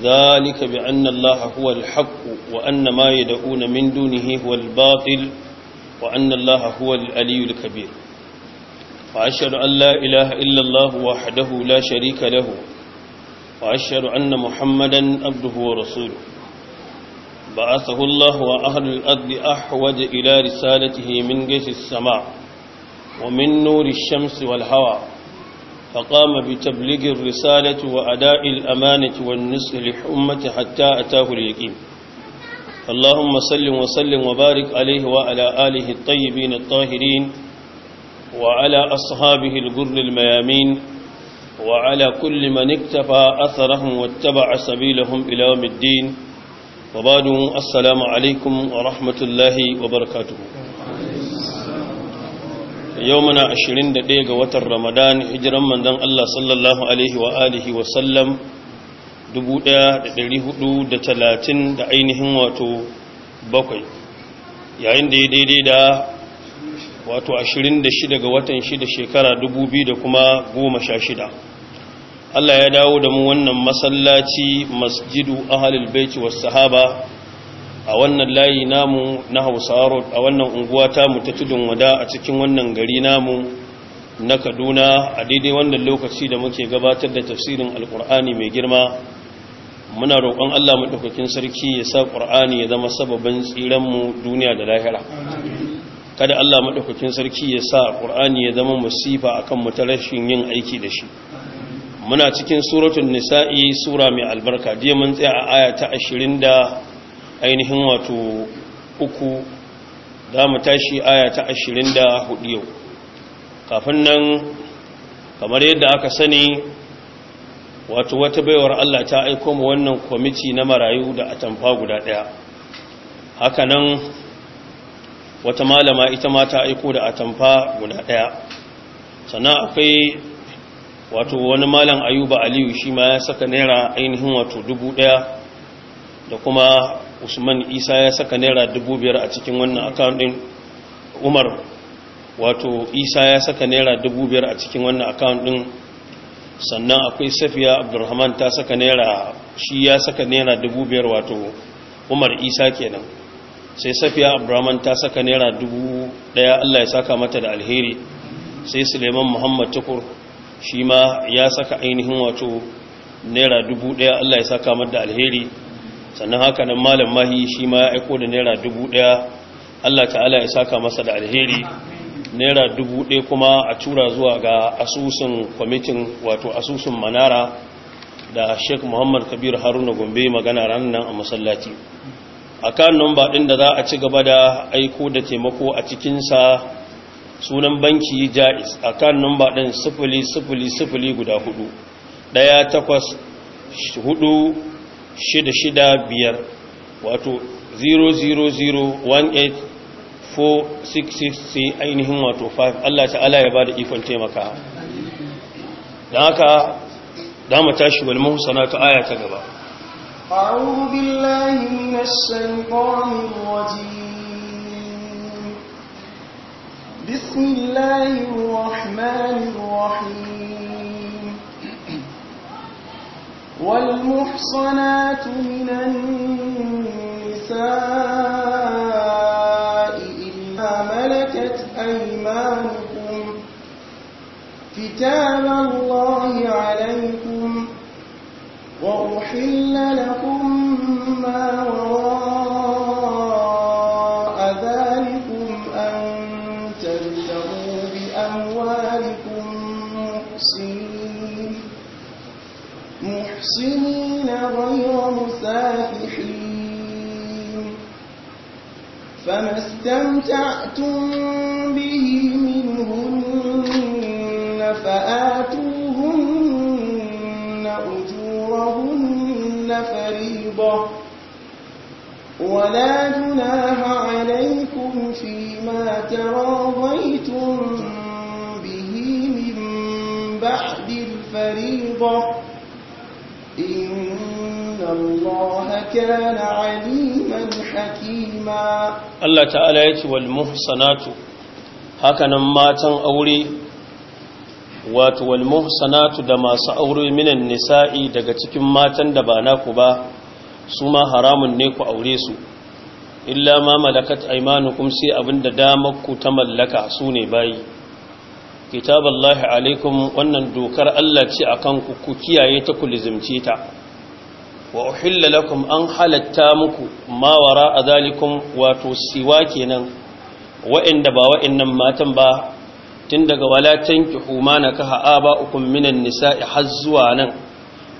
ذلك بأن الله هو الحق وأن ما يدعون من دونه هو الباطل وأن الله هو الألي الكبير وأشهد أن لا إله إلا الله وحده لا شريك له وأشهد أن محمدا عبده ورسوله بعثه الله وأهل الأرض أحوج إلى رسالته من جيش السماء ومن نور الشمس والهواء فقام بتبليغ الرسالة وأداء الأمانة والنصح لحمة حتى أتاه اليقين اللهم سلم وسلم وبارك عليه وعلى آله الطيبين الطاهرين وعلى أصحابه الغر الميامين وعلى كل من اكتفى أثرهم واتبع سبيلهم إلى يوم الدين وبعد السلام عليكم ورحمة الله وبركاته yau muna 21 ga watan ramadan hijiran manzon Allah sallallahu alaihi wa alihi wa sallam 1430 da ainihin wato bakwai yayin da ya daidai da wato 26 ga watan 6 shekara 2000 da kuma 16 Allah ya dawo da mu wannan masallaci masjidu ahlul baiti was sahaba a wannan layi namu na hausawa road a wannan unguwa ta ta tudun wada a cikin wannan gari namu na kaduna a daidai wannan lokaci da muke gabatar da tafsirin alkur'ani mai girma muna roƙon allah maɗaukakin sarki ya sa ƙur'ani ya zama sababin tsiranmu duniya da lahira kada allah maɗaukakin sarki ya sa ƙur'ani ya zama masifa a kan ta rashin yin aiki da shi muna cikin suratun nisa'i sura mai albarka jiya mun tsaya a aya ta ashirin da ainihin wato uku za mu tashi aya ta ashirin da hudu yau kafin nan kamar yadda aka sani wato wata baiwar Allah ta aiko mu wannan kwamiti na marayu da atamfa guda ɗaya haka nan wata malama ita ma ta aiko da atamfa guda ɗaya sannan akwai wato wani malam ayuba aliyu shi ma ya saka naira ainihin wato dubu ɗaya da kuma usman isa ya saka naira dubu biyar a cikin wannan account umar wato isa ya saka naira dubu biyar a cikin wannan account sannan akwai safiya abdurrahman ta saka naira shi ya saka naira dubu biyar wato umar isa kenan sai safiya abdurrahman ta saka naira dubu daya allah ya saka mata da alheri sai suleiman muhammad tukur shi ma ya saka ainihin wato naira dubu daya allah ya saka mata da alheri sannan haka nan malam mahi shi ma ya aiko da naira dubu ɗaya allah ta'ala ya saka masa da alheri naira dubu ɗaya kuma a tura zuwa ga asusun kwamitin wato asusun manara da sheik muhammad kabir haruna gombe magana ranar nan a masallaci a kan nomba ɗin da za a ci gaba da aiko da taimako a cikinsa sunan banki jais a kan nomba ɗin sifili sifili sifili guda hudu ɗaya takwas hudu 665 wato 00018466 sai ainihin wato 5 Allah ta'ala ya ba da ikon taimaka don haka dama tashi wal mahusana ta aya ta gaba بسم الله الرحمن الرحيم والمحصنات من النساء إلا ملكت أيمانكم كتاب الله عليكم وأحل لكم ما وراء فما استمتعتم به منهن فآتوهن أجورهن فريضة ولا جناح عليكم فيما تراضيتم به من بعد الفريضة الله كان عليما حكيما الله تعالى يتي والمحصنات هكذا ما تن أولي wato walmuhsanatu da masu aure minan nisa'i daga cikin matan da ba naku ba su ma haramun ne ku aure su illa ma malakat aymanukum sai abinda damar ku ta mallaka su ne bayi kitaballahi alaikum wannan dokar Allah ce akan ku ku kiyaye ta ku lizimce ta wa uhilla lakum an halatta muku ma wara a wato siwa kenan wa'inda ba wa'innan matan ba tun daga walatan ki humana ka ha'aba ukun minan nisa'i har zuwa nan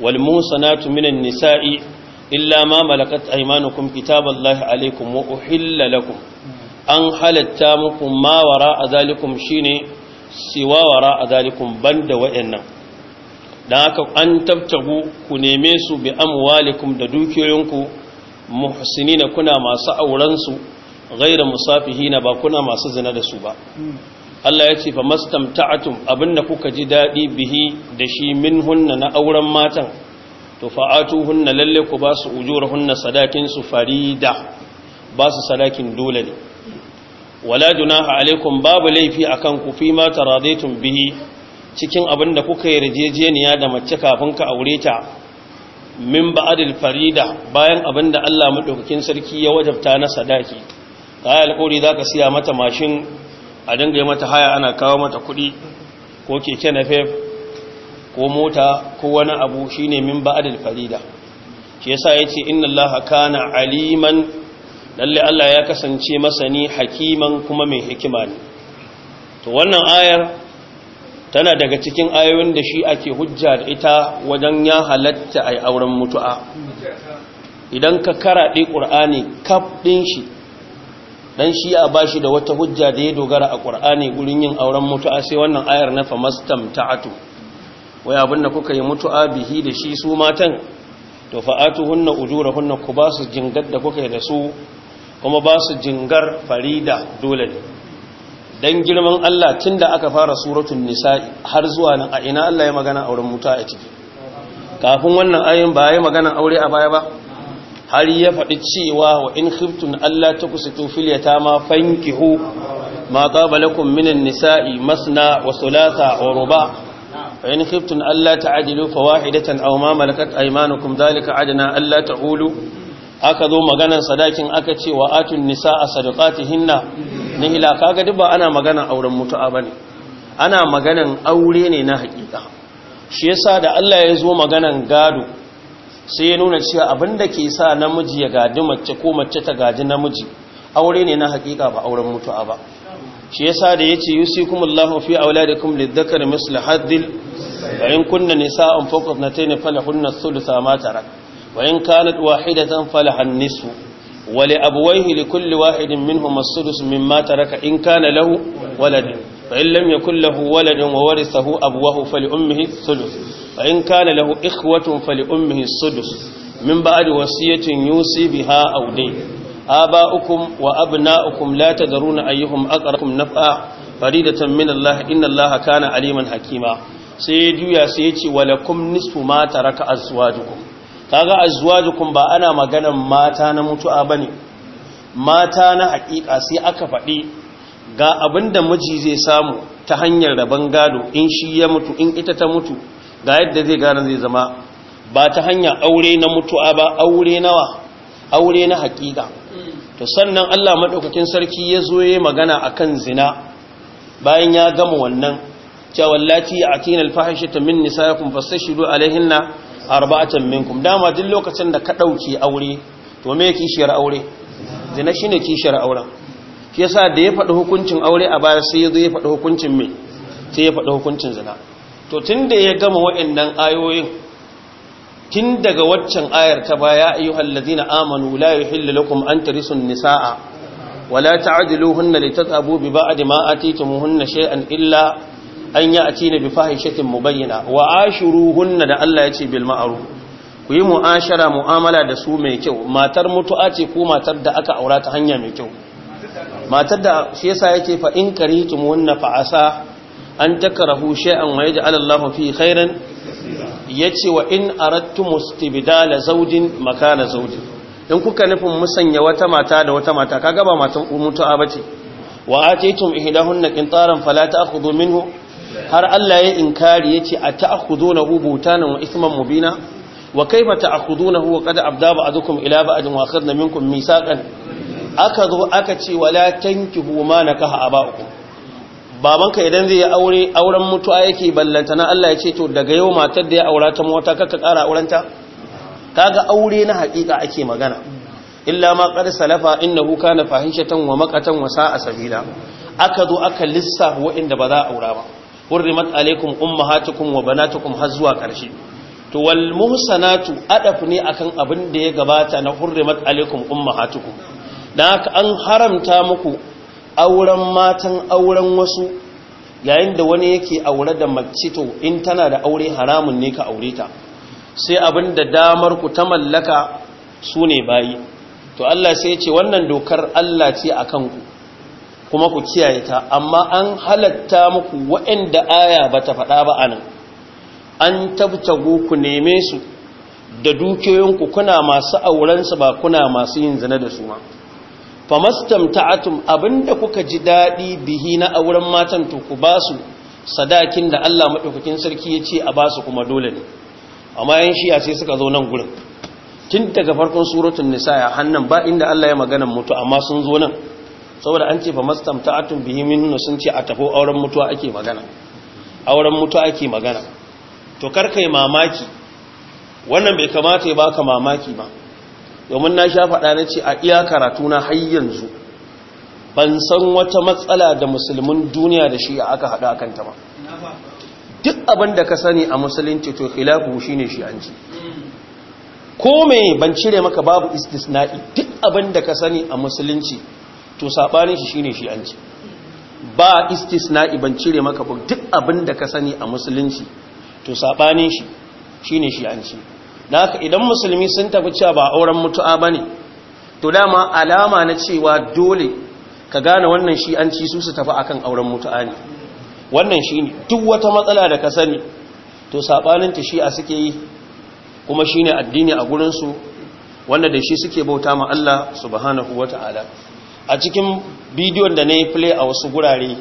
wal musanatu minan nisa'i illa ma malakat aymanukum kitaballahi alaikum wa uhilla lakum an halatta muku ma wara a zalikum shine siwa wara a zalikum banda wa'innan da haka an tabtagu ku neme su bi amwalikum da dukiyoyinku muhsinina kuna masu aurensu su musafihina ba kuna masu zina da su ba Allah ya ce fa mastamta'atum abinda kuka ji dadi bihi da shi minhunna na auren matan to fa'atuhunna lalle ku ba su ujurahunna sadakin su farida ba su sadakin dole ne wala junaha alaikum babu laifi akan ku fi ma taradaitum bihi cikin abin da kuka yarjejeniya da mace kafin ka aure ta min ba'adil farida bayan abin da Allah madaukakin sarki ya wajabta na sadaki alƙawari alƙori ka siya mata mashin a dinga mata haya ana kawo mata kuɗi ko keke na fef ko mota ko wani abu shine min ba'adil farida shi yasa yace inna Allah kana aliman lalle Allah ya kasance masani hakiman kuma mai hikima ne to wannan ayar tana daga cikin ayoyin da shi ake hujja da ita wajen ya halatta a auren mutu'a idan ka karaɗe ƙur'ani kaf ɗin shi ɗan shi ya ba da wata hujja da ya dogara a ƙur'ani gurin yin auren mutu'a sai wannan ayar na famastam ta'atu wai abin da kuka yi mutu'a bihi da shi su matan to fa'atu hunna ujura hunna ku ba su jingar da kuka yi da su kuma ba su jingar farida dole ne dan girman Allah tun da aka fara suratun nisa'i har zuwa nan a ina Allah ya magana auren muta a ciki kafin wannan ayin ba ya magana aure a baya ba har ya faɗi cewa wa in khiftum Allah ta kusitu fil yatama fankihu ma qaba lakum minan nisa'i masna wa thulatha wa ruba fa in khiftum Allah ta'dilu fawahidatan aw ma malakat aymanukum dhalika adna Allah ta'ulu aka zo maganar sadakin aka ce wa atun nisa'a sadaqatihinna nihila kaga duk ba ana magana auren mutu'a bane ana maganan aure ne na hakika shi yasa da Allah ya zo maganan gado sai ya nuna cewa abinda ke sa namiji ya gadi mace ko mace ta gaji namiji aure ne na hakika ba auren mutu'a ba shi yasa da yace yusikumullahu fi auladikum lidhakari misl haddil wa in kunna nisa'an fawqa ithnatayn falahunna thuluthu ma tarak wa in kanat wahidatan falahan nisfu wali abuwaihi li kulli wahidin minhum as-sudus mata raka in kana lahu waladin, fa in lam kulle hu waladin wa warithahu abuwahu fali ummihi sudus fa in kana lahu ikhwatun fali ummihi as-sudus min ba'd wasiyatin yusi biha A ba aba'ukum wa abu na abna'ukum la tadruna ayyuhum aqrakum naf'a faridatan min Allah inna Allah kana aliman hakima sai ya juya sai ya ce walakum nisfu ma taraka azwajukum kaga azwajukum ba ana maganan mata na mutu'a bane mata na hakika sai aka faɗi ga abinda miji zai samu ta hanyar rabon gado in shi ya mutu in ita ta mutu ga yadda zai gane zai zama ba ta hanyar aure na mutu'a ba aure nawa aure na hakika to sannan Allah madaukakin sarki ya zo yayi magana akan zina bayan ya gama wannan cewa lati akinal ta min nisaikum fastashidu alaihinna arba'atan minkum dama duk lokacin da ka dauke aure to me kishiyar aure zina shine kishiyar auren shi yasa da ya faɗi hukuncin aure a baya sai ya zo ya faɗi hukuncin me sai ya faɗi hukuncin zina to tunda ya gama wa'annan ayoyin tun daga waccan ayar ta baya ayyuhal ladina amanu la yuhillu lakum an tarisun nisaa wala ta'diluhunna litatabu bi ba'di ma atitumuhunna shay'an illa an ya atina bi fahishatin mubayyana wa ashuruhunna da Allah ya ce bil ma'ruf ku yi mu'ashara mu'amala da su mai kyau matar mutu'a ce ko matar da aka aura ta hanya mai kyau matar da shi yasa yake fa in karitum wanna fa asa an takrahu shay'an wa yaj'al Allahu fi khairan yace wa in aradtum istibdala zawjin makana zawjin in kuka nufin musanya wata mata da wata mata kaga ba matan mutu'a bace wa atitum ihdahunna qintaran fala ta'khudhu minhu har Allah ya inkari yace hu butanan wa isman mubina wa kai na hu wa kada abda zukun ila jin wa na minkun misaqan aka zo aka ce wa la tanki hu ma na kaha nakaha ba babanka idan zai yi aure auren mutuwa yake ballanta na Allah ya ce to daga yau matar da ya aura ta mota kaka kara aurenta kaga aure na hakika ake magana illa ma qad salafa innahu kana fahishatan wa makatan wasa a sabila aka zo aka lissa lissafa inda ba za a aura ba hurrimat alaikum ummahatukum wa banatukum har zuwa ƙarshe to wal muhsanatu adaf ne akan abin da ya gabata na hurrimat alaikum ummahatukum dan haka an haramta muku auren matan auren wasu yayin da wani yake aure da mace to in tana da aure haramun ne ka aure ta sai abin da damar ku ta mallaka sune bayi to Allah sai ya ce wannan dokar Allah ce akan ku kuma ku kiyaye ta amma an halatta muku waɗanda aya ba ta faɗa ba anan an tabtago ku neme su da dukiyoyinku kuna masu aurensu ba kuna masu yin zina da su ba. ma famastamta'atum abinda kuka ji daɗi bihi na auren matan to ku basu sadakin da Allah madaukakin sarki ya ce a basu kuma dole ne amma yan shiya sai suka zo nan gurin tun daga farkon suratun nisa ya hannan ba inda Allah ya magana mutu amma sun zo nan saboda an ce fa mastamta'atun bihi minhu sun ce a tafo auren mutuwa ake magana auren mutuwa ake magana to kar karkai mamaki wannan bai kamata ya baka mamaki ba domin na sha faɗa na ce a iya karatu na har yanzu ban san wata matsala da musulmin duniya da shi aka haɗu a kanta ba duk abin da ka sani a musulunci to khilafu shine shi an ji. ko me ban cire maka babu istisna'i duk abin da ka sani a musulunci to sabanin shi shine shi anci. ba istisna'i ban cire maka ba duk abin da ka sani a musulunci to sabanin shi shine shi anci dan idan musulmi sun tafi cewa ba auren mutu'a bane to dama alama na cewa dole ka gane wannan shi anci su su tafi akan auren mutu'a ne wannan shine duk wata matsala da ka sani to sabanin ta shi a suke yi kuma shine addini a gurin su wanda da shi suke bauta ma Allah subhanahu wata'ala a cikin bidiyon da na yi play a wasu gurare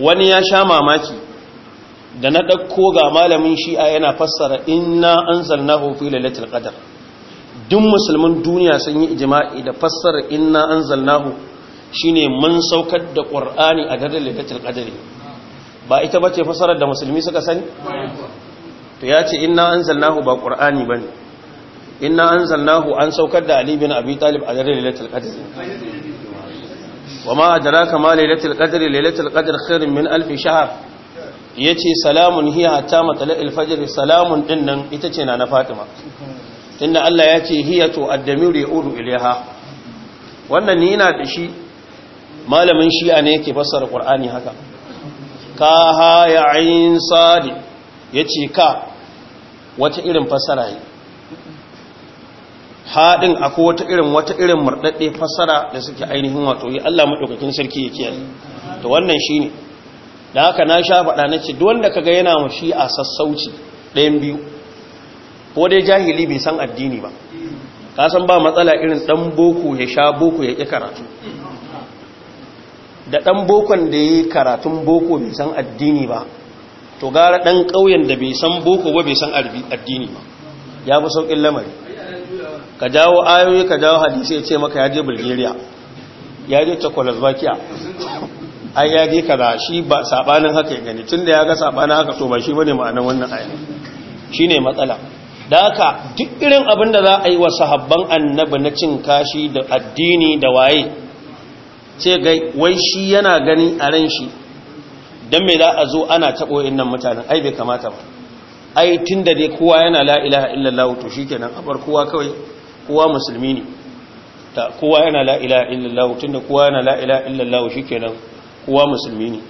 wani ya sha mamaki da na ɗauko ga malamin shi'a yana fassara ina an zarna hofi lalatul ƙadar. duk musulmin duniya sun yi ijima'i da fassara ina an zarna ne mun saukar da ƙwar'ani a daren lalatul ƙadar. ba ita ba ce fassarar da musulmi suka sani to ya ce ina an zarna ba ƙwar'ani ba ne ina an zarna an saukar da alibin bin abi talib a daren lalatul ƙadar. wa ma adraka ma lailatul qadr lailatul qadr khairun min alf shahr yace salamun hiya hatta matla'il fajr salamun dinnan ita ce na na fatima tunda Allah yace hiya to addamiru yaudu ilaiha wannan ni ina da shi malamin shi'a ne yake fassara Kur'ani haka ka ha ya ayin sadi yace ka wata irin fassara ne haɗin akwai wata irin wata irin murɗaɗɗe fassara da suke ainihin wato yi Allah maɗaukakin sarki ya kiyar Da wannan shi ne. da haka na sha faɗa na ce duk wanda ga yana mu shi a sassauci ɗayan biyu ko dai jahili bai san addini ba ka san ba matsala irin ɗan boko ya sha boko ya ƙi karatu da ɗan bokon da ya yi karatun boko bai san addini ba to gara ɗan ƙauyen da bai san boko ba bai san addini ba ya fi sauƙin lamari ka jawo ayoyi ka jawo hadisi ya ce maka yaje bulgaria ya je czechoslovakia ai ya kaza shi ba sabanin haka ya gani tunda ya ga sabanin haka to ba shi bane ma'anar wannan ayoyi shine matsala da haka duk irin abin da za a yi wa sahabban annabi na cin kashi da addini da waye ce gai wai shi yana gani a ran shi don me za a zo ana taɓo innan mutanen ai bai kamata ba ai tun da dai kowa yana la ilaha illallah to shi kenan abar kowa kawai kowa musulmi ne ta kowa yana la'ila ilaha tun tunda kowa yana la ilaha illallah shikenan kowa musulmi ne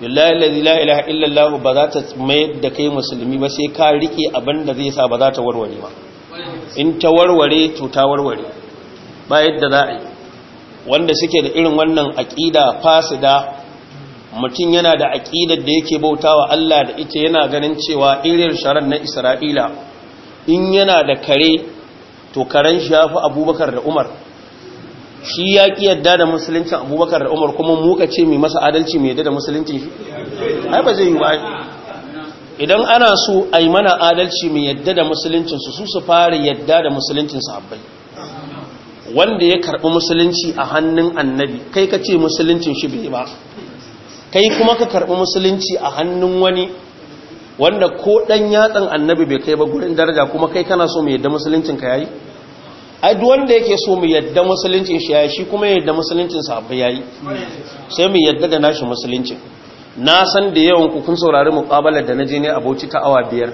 billahi allazi la ilaha illallah ba za ta mayar da kai musulmi ba sai ka rike abin da zai sa ba za ta warware ba in ta warware to ta warware ba yadda za a yi wanda suke da irin wannan aqida fasida mutum yana da aƙidar da yake bautawa Allah da ita yana ganin cewa irin sharar na Isra'ila in yana da kare to karen shi ya fi abubakar da umar shi ya ƙi yadda da musuluncin abubakar da umar kuma muka ce mai masa adalci mai yadda da musuluncin shi ai ba zai yi ba idan ana so a yi mana adalci mai yadda da musuluncinsu su su fara yadda da musuluncin sahabbai wanda ya karɓi musulunci a hannun annabi kai ka ce musuluncin shi bai ba kai kuma ka karɓi musulunci a hannun wani wanda ko dan yatsan annabi bai kai ba gurin daraja kuma kai kana so mu yadda musuluncin ka yayi ai duk wanda yake so mu yadda musuluncin shi yayi shi kuma yadda musuluncin sa fa yayi sai mu yadda da nashi musuluncin na san da yawan ku kun saurari muqabalar da naje ne abauci ta awa biyar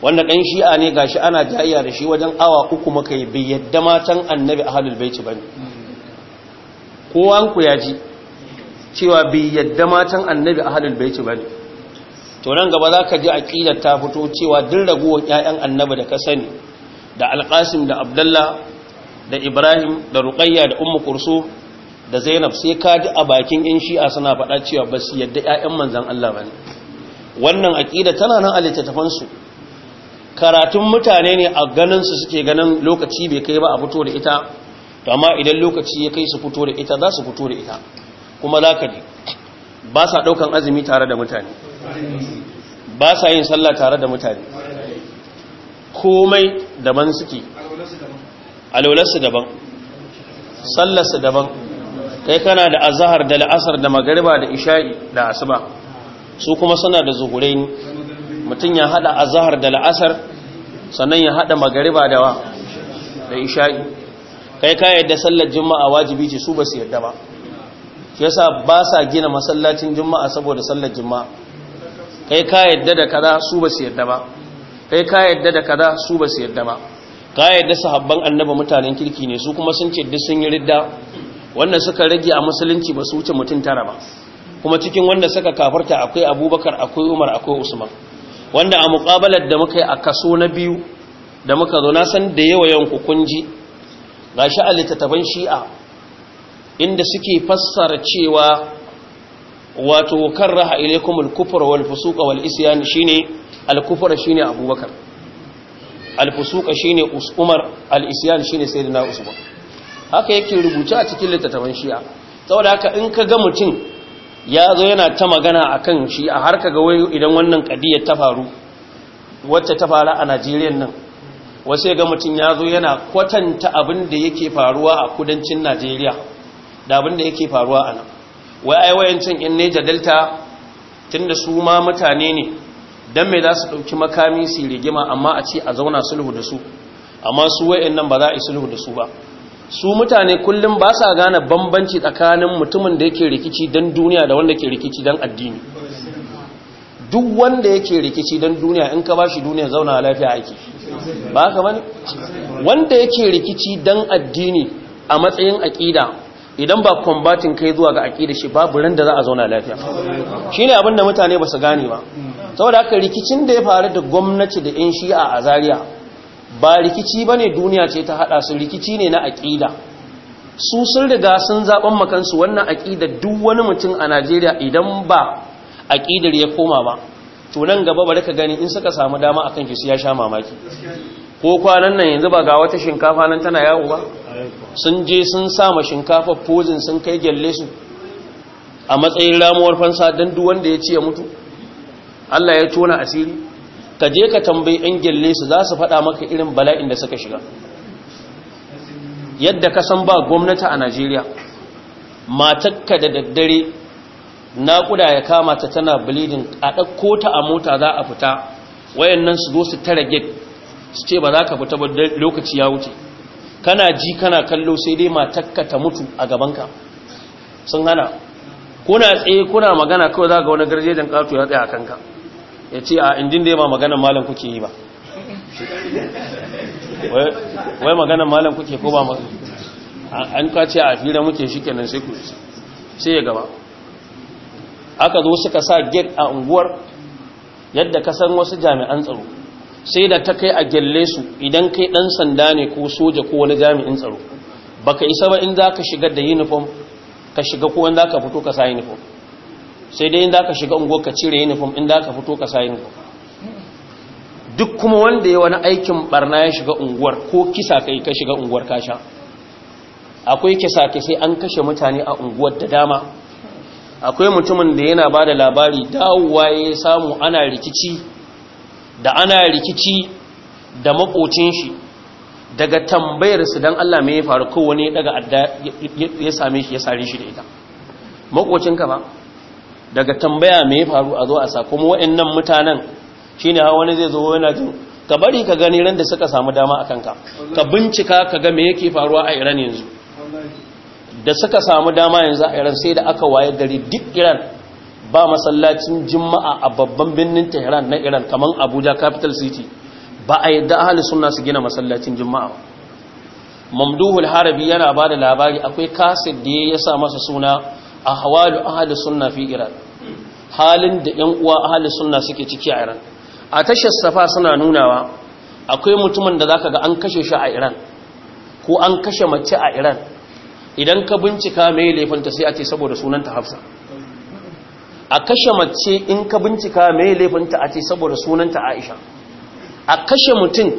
wanda dan shi'a ne gashi ana jayya da shi wajen awa uku muka yi bai yadda matan annabi ahlul baiti bane kowan ku ya ji cewa bai yadda matan annabi ahlul baiti bane to nan gaba za ka ji aƙida ta fito cewa din ragowar 'ya'yan annabi da ka sani da alƙasim da abdallah da ibrahim da ruƙayya da ummu kursu da zainab sai ka ji a bakin yan shi'a suna faɗa cewa ba su yadda 'ya'yan manzan allah ba ne wannan aƙida tana nan a littattafansu karatun mutane ne a ganinsu suke ganin lokaci bai kai ba a fito da ita to amma idan lokaci ya kai su fito da ita za su fito da ita kuma za ka ji ba sa ɗaukan azumi tare da mutane ba sa yin sallah tare da mutane komai daban suke alaularsu daban sallarsu daban kai kana da azahar da la'asar da magariba da isha'i da asuba su kuma suna da zuhurai ne mutum ya hada azahar da la'asar sannan ya hada magariba da wa da isha'i kai ka yadda sallar juma'a wajibi ce su ba su yadda ba shi yasa ba sa gina masallacin juma'a saboda sallar juma'a kai ka yadda da kaza su ba su yadda ba kai ka yadda da kaza su ba su yadda ba ka yadda sahabban annaba mutanen kirki ne su kuma sun ce duk sun yi ridda wanda suka rage a musulunci ba su wuce mutum tara ba kuma cikin wanda suka kafarta akwai abubakar akwai umar akwai usman wanda a muƙabalar da muka yi a kaso na biyu da muka zo na san da yawa yanku kukunji ga shi a littattafan shi'a inda suke fassara cewa wato karraha ilaikum al-kufra wal fusuqa wal isyan shine al-kufra shine abubakar al-fusuqa shine umar al-isyan shine sayyidina usman haka yake rubuta a cikin littattafan shi'a saboda haka in ka ga mutum ya zo yana ta magana akan kan shi a har ga wai idan wannan kadiyar ta faru wacce ta faru a najeriya nan wasu ga mutum ya zo yana kwatanta abin da yake faruwa a kudancin najeriya da abin da yake faruwa a nan wai ai wayancin in Niger Delta tunda su ma mutane ne dan me za su dauki makami su rigima amma a ce a zauna sulhu da su amma su wayannan ba za a yi sulhu da su ba su mutane kullum ba sa gane bambanci tsakanin mutumin da yake rikici dan duniya da wanda ke rikici dan addini duk wanda yake rikici dan duniya in ka bashi duniya zauna lafiya ake ba ka bane wanda yake rikici dan addini a matsayin aƙida idan ba kwambatin kai zuwa ga aƙida shi babu ran da za a zauna lafiya Shi ne abin da mutane ba su gane ba saboda haka rikicin da ya faru da gwamnati da yan shi'a a Zariya ba rikici ba ne duniya ce ta hada su rikici ne na aƙida su sun riga sun zaɓen makansu wannan aƙida duk wani mutum a Najeriya idan ba aƙidar ya koma ba to nan gaba bari ka gani in suka samu dama akan kan su ya sha mamaki ko kwanan nan yanzu ba ga wata shinkafa nan tana yawo ba sun je sun sama shinkafa pozin sun kai gyalle su a matsayin ramuwar fansa don duwanda ya ci ya mutu Allah ya tona asiri ka je ka tambayi 'yan gyalle su za su faɗa maka irin bala'in da suka shiga yadda ka san ba gwamnati a Najeriya matakka da daddare naƙuda ya kama ta tana bleeding a ɗakko ta a mota za a fita wayannan su zo su tara gate su ce ba za ka fita ba lokaci ya wuce kana ji kana kallo sai dai matakka ta mutu a gabanka sun hana kuna tsaye kuna magana kawai za ga wani garjejen ƙato ya tsaye a kanka ya ce a indin da ya ma maganan malam kuke yi ba wai maganan malam kuke ko ba an kwace a fira muke shi kenan sai ku sai ya gaba aka zo suka sa gate a unguwar yadda kasan wasu jami'an tsaro sai da ta kai a gyalle su idan kai dan sanda ne ko soja ko wani jami'in tsaro baka isa ba in zaka shiga da uniform ka shiga ko wanda ka fito ka sa uniform sai dai in zaka shiga ungo ka cire uniform in zaka fito ka sa uniform duk kuma wanda ya wani aikin barna ya shiga unguwar ko kisa kai ka shiga unguwar kasha akwai kisa kai sai an kashe mutane a unguwar da dama akwai mutumin da yana ba da labari dawowa ya samu ana rikici da ana rikici da makocin shi daga tambayar su dan Allah me ya faru kowane daga adda ya same shi ya sare shi da ita makocin ka ba daga tambaya me ya faru a zo a sa kuma waɗannan mutanen shine ha wani zai zo yana jin ka bari ka gani ran da suka samu dama a kanka ka bincika ka ga me yake faruwa a Iran yanzu da suka samu dama yanzu a Iran sai da aka wayar gari duk Iran ba masallacin juma'a a babban birnin tehran na iran kamar abuja capital city ba a yadda ahalin suna su gina masallacin juma'a mamduhul harabi yana ba da labari akwai kasir da ya sa masa suna a hawalu ahalin suna fi iran halin da yan uwa ahalin suna suke ciki a iran a tashar safa suna nunawa akwai mutumin da zaka ga an kashe shi a iran ko an kashe mace a iran idan ka bincika mai laifinta sai a ce saboda sunanta hafsa a kashe mace in ka bincika mai laifinta a ce saboda sunanta aisha a kashe mutum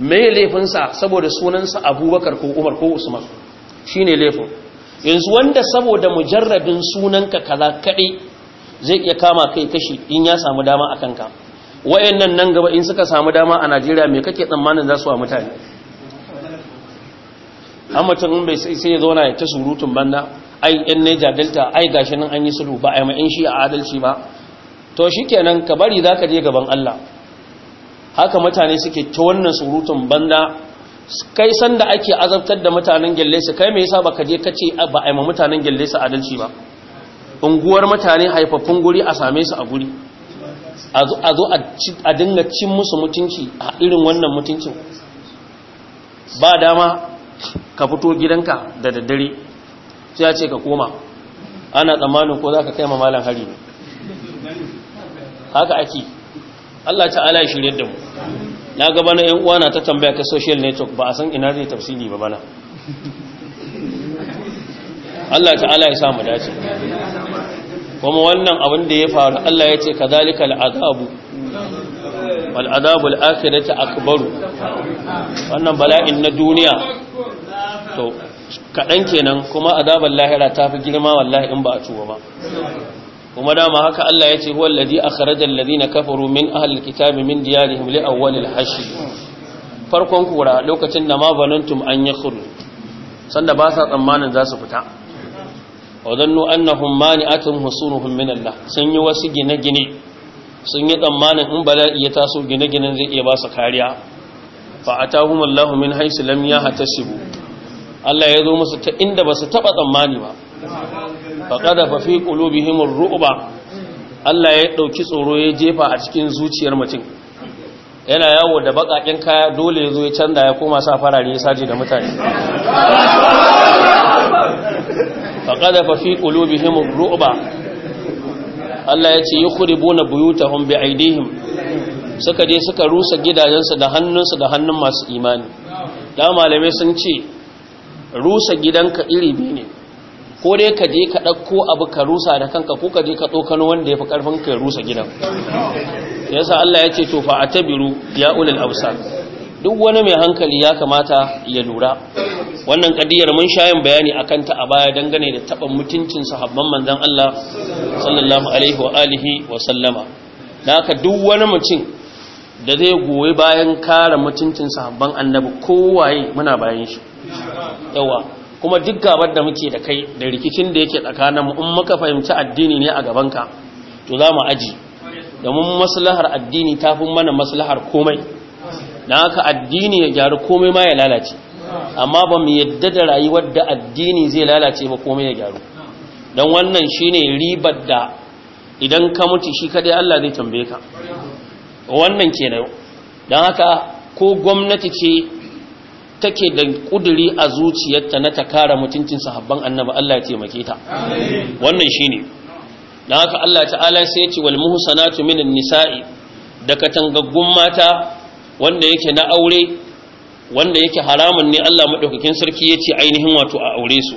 mai laifinsa saboda sunansa abubakar ko umar ko usman shi ne laifin yanzu wanda saboda mujarrabin sunanka kaza kaɗai zai iya kama kai kashi in ya samu dama a kanka wayannan nan gaba in suka samu dama a najeriya mai kake tsammanin za su wa mutane an mutum bai sai ya zauna ya ta surutun banda ai yan neja delta ai gashi nan an yi sulhu ba ai mai shi a adalci ba to shikenan ka bari zaka je gaban Allah haka mutane suke ta wannan surutun banda kai sanda ake azabtar da mutanen gelle su kai me yasa baka je kace ba ai ma mutanen gelle su adalci ba unguwar mutane haifaffun guri a same su a guri a zo a dinga cin musu mutunci a irin wannan mutuncin ba dama ka fito gidanka da daddare sai ya ce ka koma ana tsammanin ko za ka kai mamalan hari ne haka ake Allah ta'ala ya shirya da mu na gaba na yan uwana ta tambaya ta social network ba a san ina zai tafsiri ba bana Allah ta'ala ya samu dace kuma wannan abin da ya faru Allah ya ce kadhalika al'adabu wal adabu al-akhirati akbaru wannan bala'in na duniya to kaɗan kenan kuma azabar lahira ta fi girma wallahi in ba a tuwa ba kuma dama haka Allah ya ce huwa alladhi akhraja kafaru min ahli alkitabi min diyarihim li awwalil hashi farkon kura lokacin da ma banantum an yakhru sanda ba sa tsammanin za su fita wa dhannu annahum mani'atun husunuhum min Allah sun yi wasu gine-gine sun yi tsammanin in bala'i ya taso gine-ginen zai iya ba su kariya fa atahumullahu min haythu lam yahtasibu Allah ya zo musu ta inda ba su taɓa tsammani ba faƙada ba fi ƙulubihimin ru'uba Allah ya ɗauki tsoro ya jefa a cikin zuciyar mutum yana yawo da baƙaƙen kaya dole ya zo ya canza ya koma sa farare ya saje da mutane faƙada ba fi ƙulubihimin ru'uba Allah ya ce yi buyuta buyutahum bi aidihim suka je suka rusa gidajensu da hannunsu da hannun masu imani da malamai sun ce rusa gidanka iri biyu ne ko dai ka je ka ɗauko abu ka rusa da kanka ko ka je ka ɗokano wanda ya fi ƙarfin ka rusa gidan Ya sa Allah ya ce to fa tabiru ya ulul absar duk wani mai hankali ya kamata ya lura wannan kadiyar mun shayin bayani a ta a baya dangane da taban mutuncin sahabban manzon Allah sallallahu alaihi wa alihi wa sallama haka duk wani mutum da zai goyi bayan kare mutuncin sahabban annabi kowaye muna bayan shi yawa kuma duk gabar da muke da kai da rikicin da yake tsakanin mu in muka fahimci addini ne a gaban ka to za mu aji domin maslahar addini ta fi mana maslahar komai dan haka addini ya gyaru komai ma ya lalace amma ba mu yadda da rayuwar da addini zai lalace ba komai ya gyaru don wannan shine ribar da idan ka mutu shi kadai Allah zai tambaye ka wannan kenan dan haka ko gwamnati ce take da kuduri a zuciyarta na ta kara mutuncin sahabban annabi Allah ya taimake ta wannan shine dan haka Allah ta'ala sai ya ce wal muhsanatu minan nisa'i da katangaggun mata wanda yake na aure wanda yake haramun ne Allah madaukakin sarki ya ce ainihin wato a aure su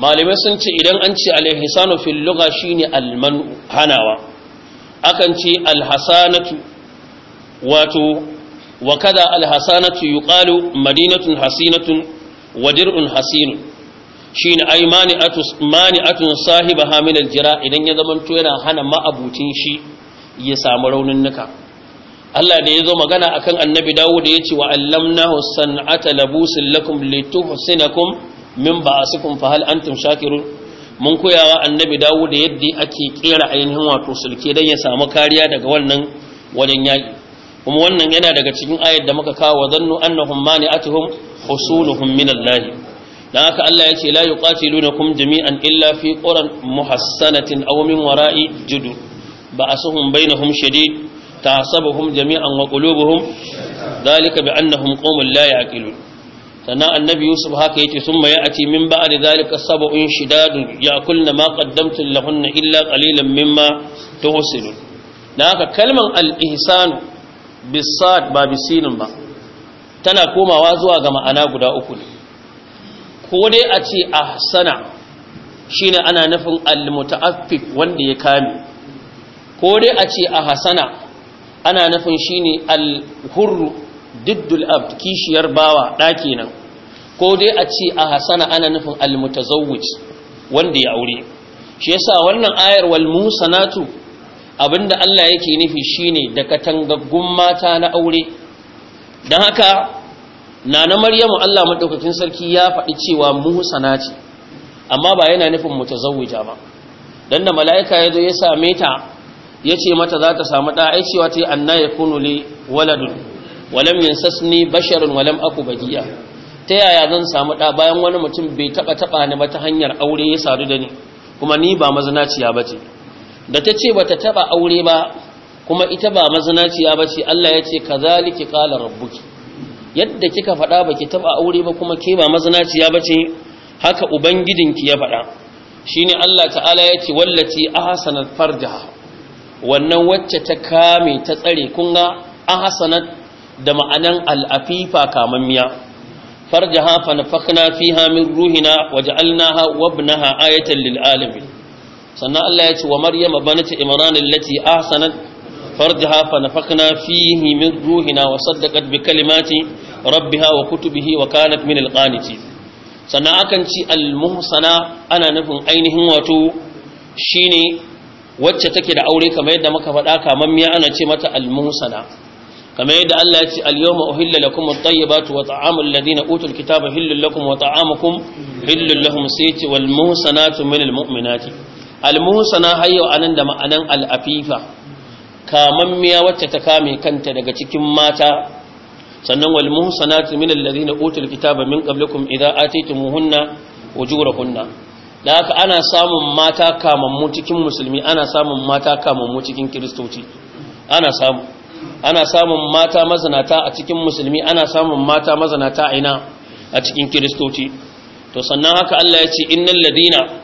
malamai sun ce idan an ce al-ihsanu fil lugha shine al hanawa akan ce al wato wa kada alhasanatu yuqalu madinatun hasinatun wa dir'un hasinun shine ai mani'atu mani'atun sahibaha min aljira idan ya zamanto yana hana ma'abucin shi ya samu raunin nuka Allah da ya zo magana akan annabi Dawud ya ce wa allamnahu san'ata labusin lakum lituhsinakum min ba'asikum fa hal antum shakirun mun koyawa annabi Dawud da yadda ake kera ainihin wato sulke don ya samu kariya daga wannan wajen yaƙi kuma wannan yana daga cikin ayar da muka kawo zannu annahum mani'atuhum husuluhum min Allah dan haka Allah yace la yuqatilunakum jami'an illa fi quran muhassanatin aw min wara'i judur ba'asuhum bainahum shadid ta'asabuhum jami'an wa qulubuhum dhalika bi'annahum qaumun la ya'qilun sannan annabi yusuf haka yace summa ya'ati min ba'di dhalika sab'un shidadun ya'kulna ma qaddamtu lahunna illa qalilan mimma tuhsinun dan haka kalman al-ihsanu bisad ba bisinin ba tana komawa zuwa ga ma'ana guda uku ne ko dai a ce ahsana shine ana nufin al al-mutaaffif wanda ya kame ko dai a ce ahsana ana nufin shine alhurru diddul abd kishiyar bawa daki nan ko dai a ce ahsana ana nufin al al-mutazawwij wanda ya aure shi yasa wannan ayar wal musanatu abinda Allah yake nufi shine da katangaggun mata na aure don haka nana maryamu Allah madaukakin sarki ya faɗi cewa muhsana ce amma ba yana nufin mu mutazawwija ba dan da mala'ika yazo ya same ta yace mata za ta samu da ai cewa tayi anna yakunu li waladun walam yansasni basharun walam aku bagiya ta yaya zan samu da bayan wani mutum bai taba taba ni ba ta hanyar aure ya sadu da ni kuma ni ba mazinaciya bace da ta ce ba ta taɓa aure ba kuma ita ba mazinaciya ba ce Allah ya ce ka zaliki ƙala rabbuki yadda kika faɗa ba ki taɓa aure ba kuma ke ba mazinaciya ba ce haka ubangidinki ya faɗa shi ne Allah ta'ala ya ce wallace ahasanat farjaha wannan wacce ta kame ta tsare kunga ahasanat da ma'anan al'afifa kamammiya farjaha fa nafakna fiha min ruhina waja'alnaha wabnaha ayatan lil alamin sannan Allah ya ce wa maryama banati imran allati ahsanat farjaha fa nafakna fihi min ruhina wa saddaqat bi kalimati rabbiha wa kutubihi wa kanat min alqanitin sannan akan ci al-muhsana ana nufin ainihin wato shine wacce take da aure kamar yadda muka faɗa kamar miya ana ce mata al-muhsana. kamar yadda Allah ya ce al-yawma uhilla lakum at-tayyibatu wa ta'amul ladina utul kitaba hillul lakum wa ta'amukum hillul lahum sayti wal muhsanatu minal mu'minati almusana hayyo anan da ma'anan al'afifa kamammiya wacce ta kame kanta daga cikin mata sannan wal muhsanatu min alladhina utul kitaba min qablikum idza atitumuhunna ujurahunna da haka ana samun mata kamammu cikin musulmi ana samun mata kamammu cikin kiristoci ana samu ana samun mata mazanata a cikin musulmi ana samun mata mazanata a ina a cikin kiristoci to sannan haka Allah ya ce innal ladina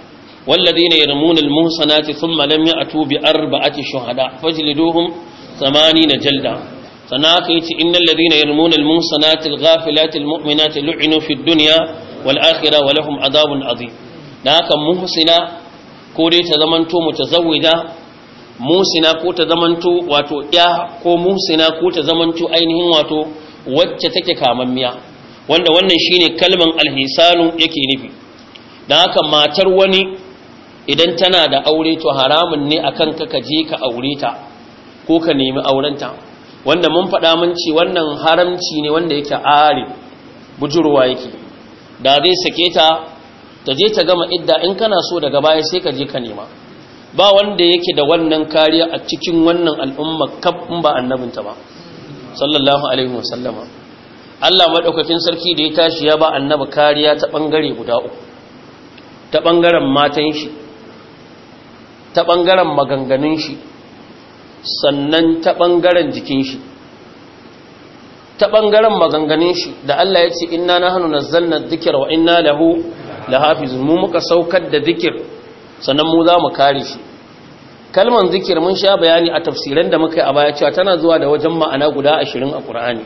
والذين يرمون المحصنات ثم لم يأتوا بأربعة شهداء فاجلدوهم ثمانين جلدا فناكيت إن الذين يرمون المحصنات الغافلات المؤمنات لعنوا في الدنيا والآخرة ولهم عذاب عظيم ناكا محصنة كوري تزمنتو متزوجة محسنا ko ta zamanto wato ya ko muhsina ko ta zamanto ainihin wato wacce take kamammiya wanda wannan shine kalman alhisanu yake nufi dan haka matar wani idan tana da aure to haramun ne akan kanka ka je ka aure ta ko ka nemi aurenta wanda mun faɗa mun ce wannan haramci ne wanda yake ari bujurwa yake da zai sake ta ta je ta gama idda in kana so daga baya sai ka je ka nema ba wanda yake da wannan kariya a cikin wannan al'umma kaf in ba annabinta ba sallallahu alaihi wasallama Allah madaukakin sarki da ya tashi ya ba annabi kariya ta bangare guda uku ta bangaren matan shi ta ɓangaren maganganun shi sannan ta ɓangaren jikin shi ta ɓangaren maganganun shi da Allah ya ce inna na hannu na zanna zikir wa inna lahu da mu muka saukar da zikir sannan mu za mu kare shi kalman zikir mun sha bayani a tafsiran da muka yi a baya cewa tana zuwa da wajen ma'ana guda ashirin a ƙur'ani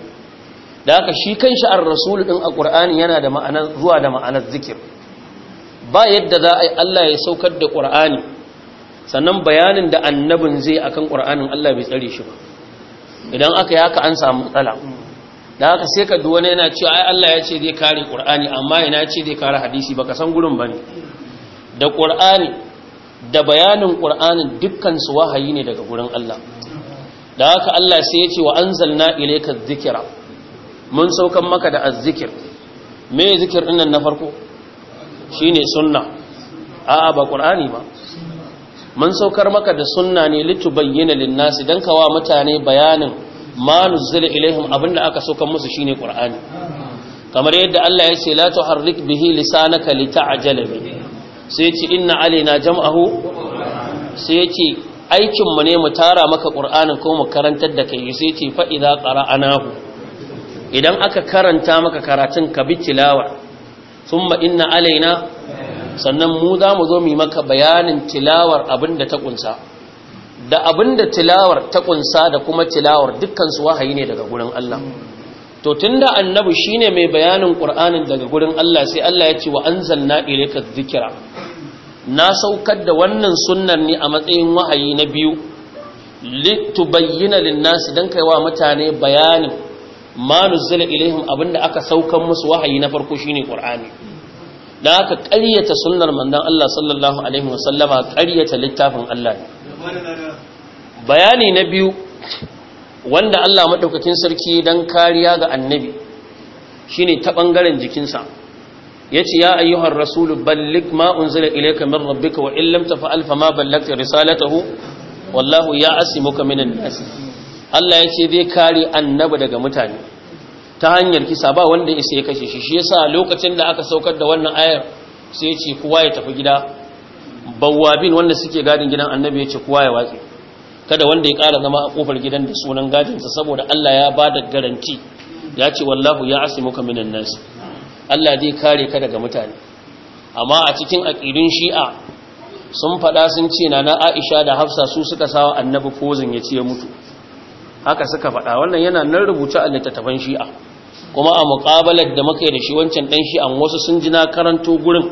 da haka shi kan sha'ar rasulu ɗin a ƙur'ani yana da ma'ana zuwa da ma'anar zikir ba yadda za a yi Allah ya saukar da ƙur'ani sannan bayanin da annabin zai akan ƙur'anin Allah bai tsare shi ba idan aka yaka an samu matsala da aka sai ka duwane yana cewa ai Allah ya ce zai kare ƙur'ani amma yana ce zai kare hadisi baka san gurin bane da ƙur'ani da bayanin ƙur'anin dukkan su wahayi ne daga gurin Allah da haka Allah sai ya ce wa anzalna ilayka dhikra mun saukan maka da azzikir me zikir dinnan na farko shine sunna a'a ba ƙur'ani ba mun saukar maka da sunna ne litubayyana lin-nasi dan kawa mutane bayanin ma nuzila ilaihim abinda aka saukar musu shine qur'ani kamar yadda Allah ya ce la tuharrik bihi lisanaka lita'jala bi sai ce inna alaina jam'ahu sai ce aikin mu ne mu tara maka qur'anin ko mu karantar da kai sai ce fa idza qara'anahu idan aka karanta maka karatun ka bi tilawa thumma inna alaina sannan mu za mu zo mu maka bayanin tilawar abin da ta kunsa da abin da tilawar ta kunsa da kuma tilawar dukkansu wahayi ne daga gurin Allah to tunda annabi shine mai bayanin qur'anin daga gurin Allah sai Allah ya ce wa anzalna ilayka dhikra na saukar da wannan sunnan ne a matsayin wahayi na biyu litubayyana lin-nasi dan wa mutane bayanin ma nuzila ilaihim abinda aka saukar musu wahayi na farko shine qur'ani da aka ƙaryata sunnar Mandan Allah sallallahu alaihi wasallama ƙaryata littafin Allah ne. bayani na biyu wanda Allah madaukakin sarki don kariya ga annabi shi ne ta ɓangaren jikinsa ya ce ya ayyuhar rasulu ballik ma unzila ilayka kamar rabbika wa in lam tafa'al risala ta hu? wallahu ya asimuka minan nasi. Allah ya ce zai kari annabi daga mutane ta hanyar kisa ba wanda isa ya kashe shi shi yasa lokacin da aka saukar da wannan ayar sai ya ce kowa ya tafi gida bawabin wanda suke gadin gidan annabi ya ce kowa ya watsi kada wanda ya kara zama a kofar gidan da sunan gadinsa saboda Allah ya ba da garanti ya ce wallahu ya asimuka minan nasi, Allah zai kare ka daga mutane amma a cikin aƙidun shi'a sun faɗa sun ce na na aisha da hafsa su suka sawa annabi kozin ya ce mutu haka suka faɗa wannan yana nan rubuta a littattafan shi'a kuma a muƙabalar da muka yi da shi wancan ɗan shi an wasu sun jina na karanto gurin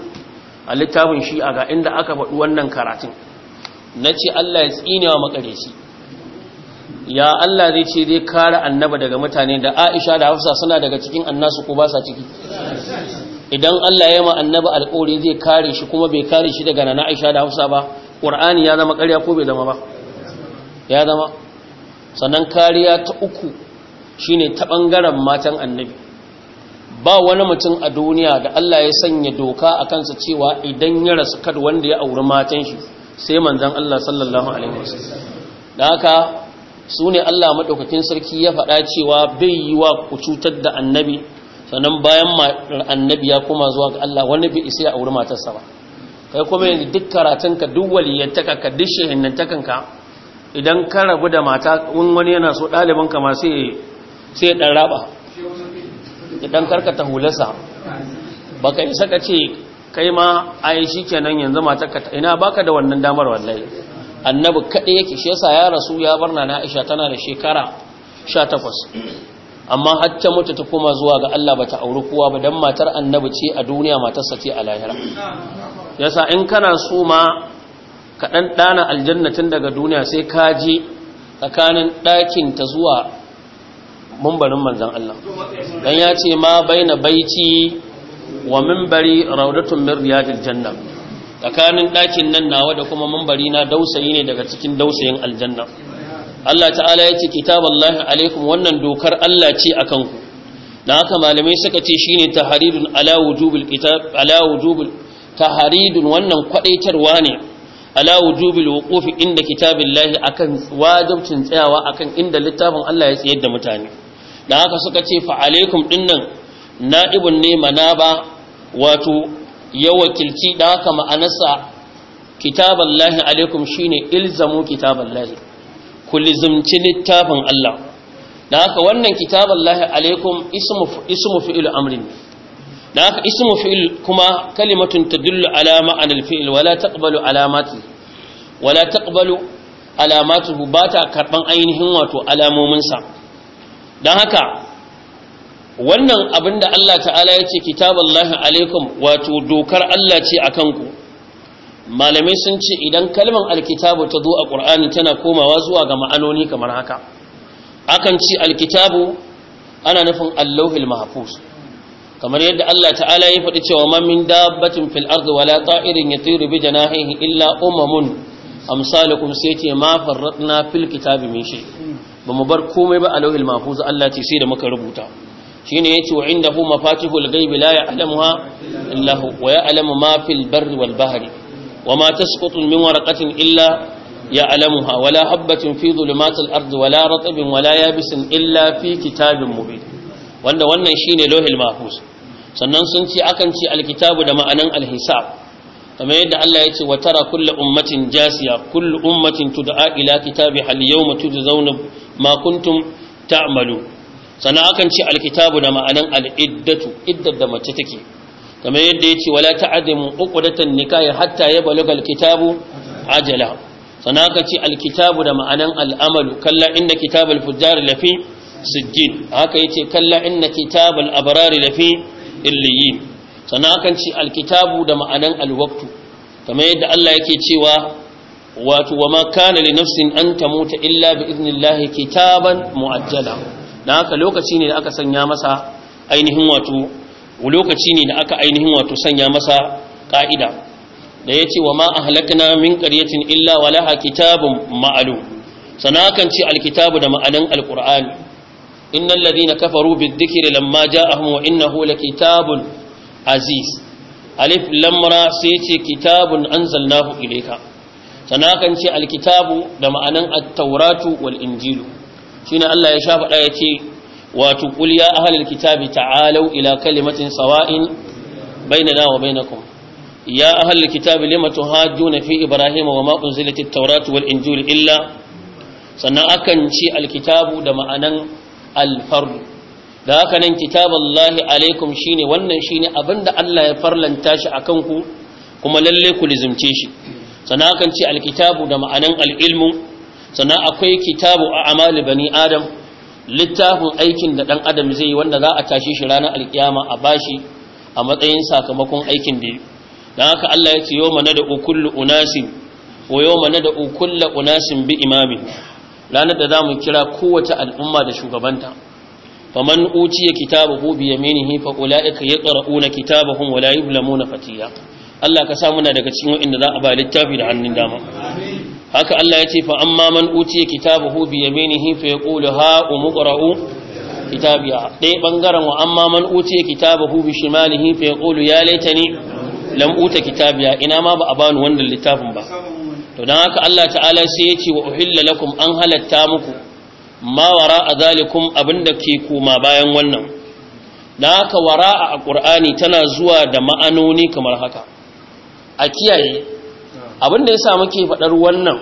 a littafin shi a ga inda aka faɗi wannan karatun na ce Allah ya tsine wa makareci ya Allah zai ce zai kare annaba daga mutane da Aisha da Hafsa suna daga cikin annasu ko ba sa ciki idan Allah ya ma annaba alƙawari zai kare shi kuma bai kare shi daga nana Aisha da Hafsa ba Qur'ani ya zama ƙarya ko bai zama ba ya zama sannan kariya ta uku Shi ne ta ɓangaren matan annabi ba wani mutum a duniya da Allah ya sanya doka a kansa cewa idan ya rasu kad wanda ya auri matan shi sai manzan Allah sallallahu alaihi wasu da haka su ne Allah maɗaukakin sarki ya faɗa cewa bai yi wa ku cutar da annabi sannan bayan annabi ya koma zuwa ga Allah wani bai isa ya auri matarsa ba kai kuma yanzu duk karatunka duk waliyyantaka ka duk shehinnantakanka idan ka rabu da mata wani yana so ɗalibanka ma sai sai ɗan raba idan karkata hulasa baka yi saka ce kai ma shi kenan yanzu matarka ina baka da wannan damar wallai annabi kadai yake shi yasa ya rasu ya barna na Aisha tana da shekara sha takwas amma hatta mutu ta koma zuwa ga Allah bata auri kowa ba dan matar annabi ce a duniya matarsa ce a lahira yasa in kana so ma ka dan dana aljannatin daga duniya sai ka je tsakanin ɗakin ta zuwa mumbarin manzan Allah dan ya ce ma baina baiti wa mimbari raudatun min riyadil janna tsakanin ɗakin nan nawa da kuma mumbari na dausayi ne daga cikin dausayin aljanna Allah ta'ala ya ce kitaballahi alaikum wannan dokar Allah ce akan ku dan haka malamai suka ce shine tahridun ala wujubil kitab ala wujubil tahridun wannan kwadaitarwa ne ala wujubil wuqufi inda kitabillahi akan wajibcin tsayawa akan inda littafin Allah ya tsayar da mutane da haka suka ce fa alaikum dinnan na'ibun ne ba wato ya wakilci da haka ma'anarsa kitaballahi alaikum shine ilzamu kitaballahi ku lizimci littafin Allah da haka wannan kitaballahi alaikum ismu ismu fi'il amrin da haka ismu fi'il kuma kalimatun tadullu ala ma'anil fi'il wala taqbalu alamati wala taqbalu alamatu ba ta karɓan ainihin wato alamominsa don haka wannan abin da Allah ta'ala ya ce kitaballahi alaikum wato dokar Allah ce a kanku malamai sun ce idan kalmar alkitabu ta zo a ƙur'ani tana komawa zuwa ga ma'anoni kamar haka akan ce alkitabu ana nufin allahul mahfuz kamar yadda Allah ta'ala ya faɗi cewa ma min dabbatin fil ardi wala ta'irin yatiru bi janahihi illa umamun amsalukum sai ce ma farratna fil kitabi min shi. ba mu bar komai ba a lauhil mahfuz Allah ce sai da muka rubuta shine yace wa indahu mafatihul ghaibi la ya'lamuha illa hu wa ya'lamu ma fil bari wal bahri wa ma tasqutu min waraqatin illa ya'lamuha wa la habatin fi dhulumatil ardi wa la ratbin wa la yabisin illa fi kitabin mubin wanda wannan shine lauhil mahfuz sannan sun ce akan ce alkitabu da ma'anan alhisab kamar yadda Allah ya ce wa tara kullu ummatin jasiya kullu ummatin tud'a ila kitabi hal yawma tujzauna ma kuntum ta'malu sannan akan ce alkitabu da ma'anan al'iddatu iddar da mace take kamar yadda ya ce wala ta'adimu uqdatan ya hatta yablugha alkitabu ajala sannan akan ce alkitabu da ma'anan al'amalu kalla inna kitabal fujjar lafi sijjin haka yace kalla inna kitabal abrar lafi illiyin sannan akan ce alkitabu da ma'anan alwaqtu kamar yadda Allah yake cewa wato wa ma kana li nafsin an tamuta illa bi idnillahi kitaban muajjala dan haka lokaci ne da aka sanya masa ainihin wato lokaci ne da aka ainihin wato sanya masa ka'ida da yace wa ma ahlakna min qaryatin illa walaha kitabun ma'lum sana kan ci alkitabu da ma'anan alqur'ani innal ladina kafaru bidhikri lamma ja'ahum wa innahu lakitabun aziz alif lam ra sai ce kitabun anzalnahu ilayka sannan ce alkitabu da ma'anan at-tauratu wal injilu shine Allah ya sha faɗa ya ce wato qul ya ahlal kitabi ta'alu ila kalimatin sawa'in bainana wa bainakum ya ahlal kitabi lima tuhajjuna fi ibrahima wa ma unzilat at-tauratu wal injilu illa sannan akan ce alkitabu da ma'anan alfardu. da haka nan kitaballahi alaikum shine wannan shine abinda Allah ya farlanta shi akan ku kuma lalle ku lizimce shi sannan akan ce alkitabu da ma'anan al'ilmu sannan akwai kitabu a amali bani adam littafin aikin da dan adam zai yi wanda za a tashi shi ranar alkiyama a bashi a matsayin sakamakon aikin da don haka Allah ya ce mana da ukullu unasin yau mana da unasin bi imami ranar da zamu kira kowace al'umma da shugabanta faman utiya kitabahu bi yaminihi fa ulaika yaqra'una kitabahum wa la yuzlamuna fatiya Allah ka sa muna daga cikin waɗanda za a ba littafi da hannun dama haka Allah ya ce fa amma man utiya kitabahu bi yaminihi fa yaqulu ha umqra'u kitabiya dai bangaren wa amma man utiya kitabahu bi shimalihi fa yaqulu ya laitani lam uta kitabiya ina ma ba a bani wannan littafin ba to dan haka Allah ta'ala sai ya ce wa uhilla lakum an halatta muku ma wara azalikum abinda ke koma bayan wannan Na haka wara a qur'ani tana zuwa da ma'anoni kamar haka a kiyaye abinda ya sa muke faɗar wannan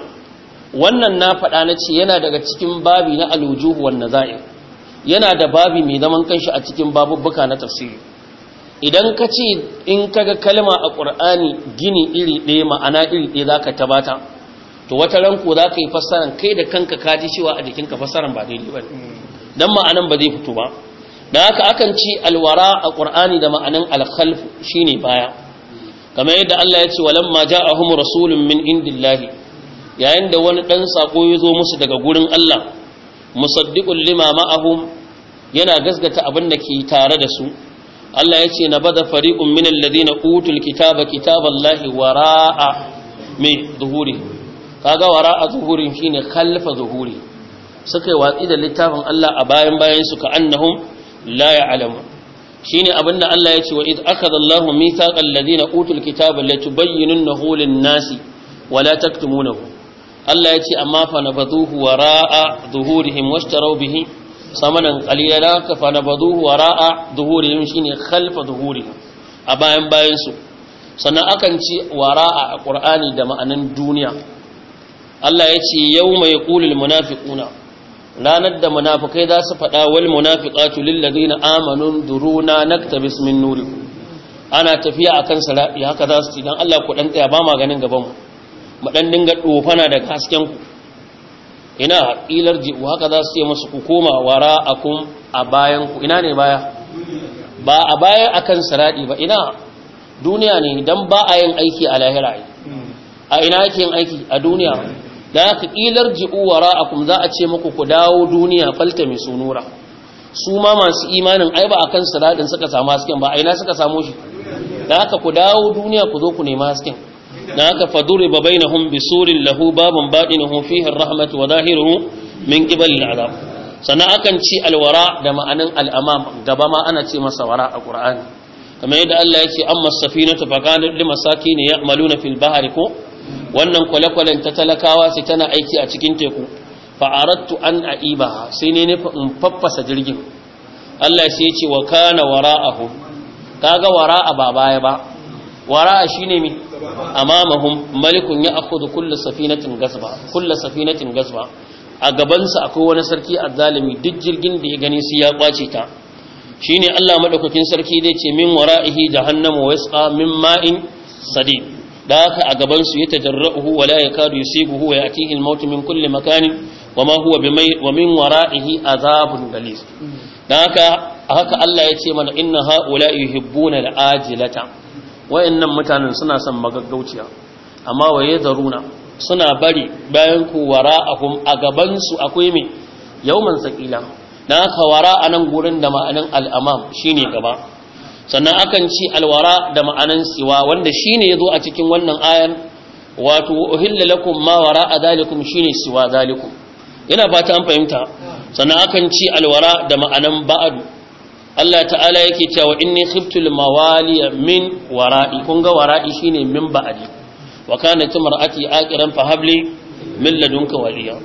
wannan na faɗa na ce yana daga cikin babi na alwujuhu wanda nazair yana da babi mai zaman kanshi a cikin babubbuka na tafsiri idan ka ce in kaga kalma a ƙur'ani gini iri ɗaya ma'ana iri ɗaya za ka tabata to wata ranko za ka yi fassaran kai da kanka ka ji cewa a jikinka fassaran ba daidai ba don ma'anan ba zai fito ba da haka akan ce alwara a ƙur'ani da ma'anan alkhalfu shine baya kamar yadda Allah ya ce walamma ja'ahum rasulun min indillahi yayin da wani dan sako ya zo musu daga gurin Allah musaddiqul lima ma'ahum yana gasgata abin da ke tare da su Allah ya ce na bada fariqun min alladhina utul kitaba kitaballahi wara'a mai zuhuri kaga wara'a zuhuri shine khalfa zuhuri suka yi watsi da littafin Allah a bayan bayan su ka annahum la ya'lamun shine abinda Allah ya ce wa id akhadha Allahu mithaqal ladina utul kitaba latubayyinunahu lin-nasi wa la taktumunahu Allah ya ce amma fa nabaduhu wara'a zuhurihim washtaraw bihi samanan qalila ka fa nabaduhu wara'a zuhurihim shine khalfa zuhurihim a bayan bayan su sannan akan ci wara'a a Qur'ani da ma'anan duniya Allah ya ce yawma yaqulul munafiquna ranar da munafukai za su faɗa wal munafiqatu lil ladina amanu duruna naktabis min nuri ana tafiya akan sarabi haka za su ci dan Allah ku dan tsaya ba ma ganin gaban mu mu dan dinga dofana da hasken ku ina hakilar ji haka za su ce musu ku koma wara akum a bayan ku ina ne baya ba a baya akan sarabi ba ina duniya ne dan ba a yin aiki a lahira a ina yake yin aiki a duniya da haka ilar ji'u wara'akum za a ce muku ku dawo duniya falta mai sunura su ma masu imanin ai ba kan siradin suka samu hasken ba aina suka samu shi da haka ku dawo duniya ku zo ku nema hasken da haka faduri ba na bi surin lahu babun badinuhu fihi rahmatu wa zahiruhu min qibal al'azab sannan akan ci alwara da ma'anin al'amam gaba ma ana ce masa wara a ƙur'ani. kamar yadda Allah ya ce amma safinatu fa ne ya ya'maluna fil bahari ko wannan kwale-kwalen ta talakawa sai tana aiki a cikin teku fa'arattu an a'iba sai ne in faffasa jirgin Allah sai ya ce wa kana wara'ahu kaga wara'a ba baya ba wara'a shine mi amamahum malikun ya akhudhu kullu safinatin gasba safinatin gasba a gabansa akwai wani sarki azzalimi duk jirgin da ya gani sai ya kwace ta shine Allah maɗaukakin sarki zai ce min wara'ihi jahannama wasqa min ma'in sadid da a gaban su yatajarra'uhu wa la yakadu yusibuhu wa ya'tihi al-maut min kulli makanin wa ma huwa bimay wa min wara'ihi azabun galis dan haka haka Allah ya ce mana inna ha'ula yuhibbuna al-ajilata wayannan mutanen suna son magaggauciya amma waye zaruna suna bari bayan ku wara'ahum a gaban su akwai me yawman sakila dan haka wara nan gurin da ma'anin al-amam shine gaba sannan akan ci alwara da ma'anan siwa wanda shine yazo a cikin wannan ayan wato uhilla lakum ma zalikum shine siwa zalikum yana ba ta an fahimta sannan akan ci alwara da ma'anan ba'adu Allah ta'ala yake cewa inni khiftul mawaliya min wara'i kun ga wara'i shine min ba'adi wa kanat mar'ati aqiran fa habli min ladunka waliya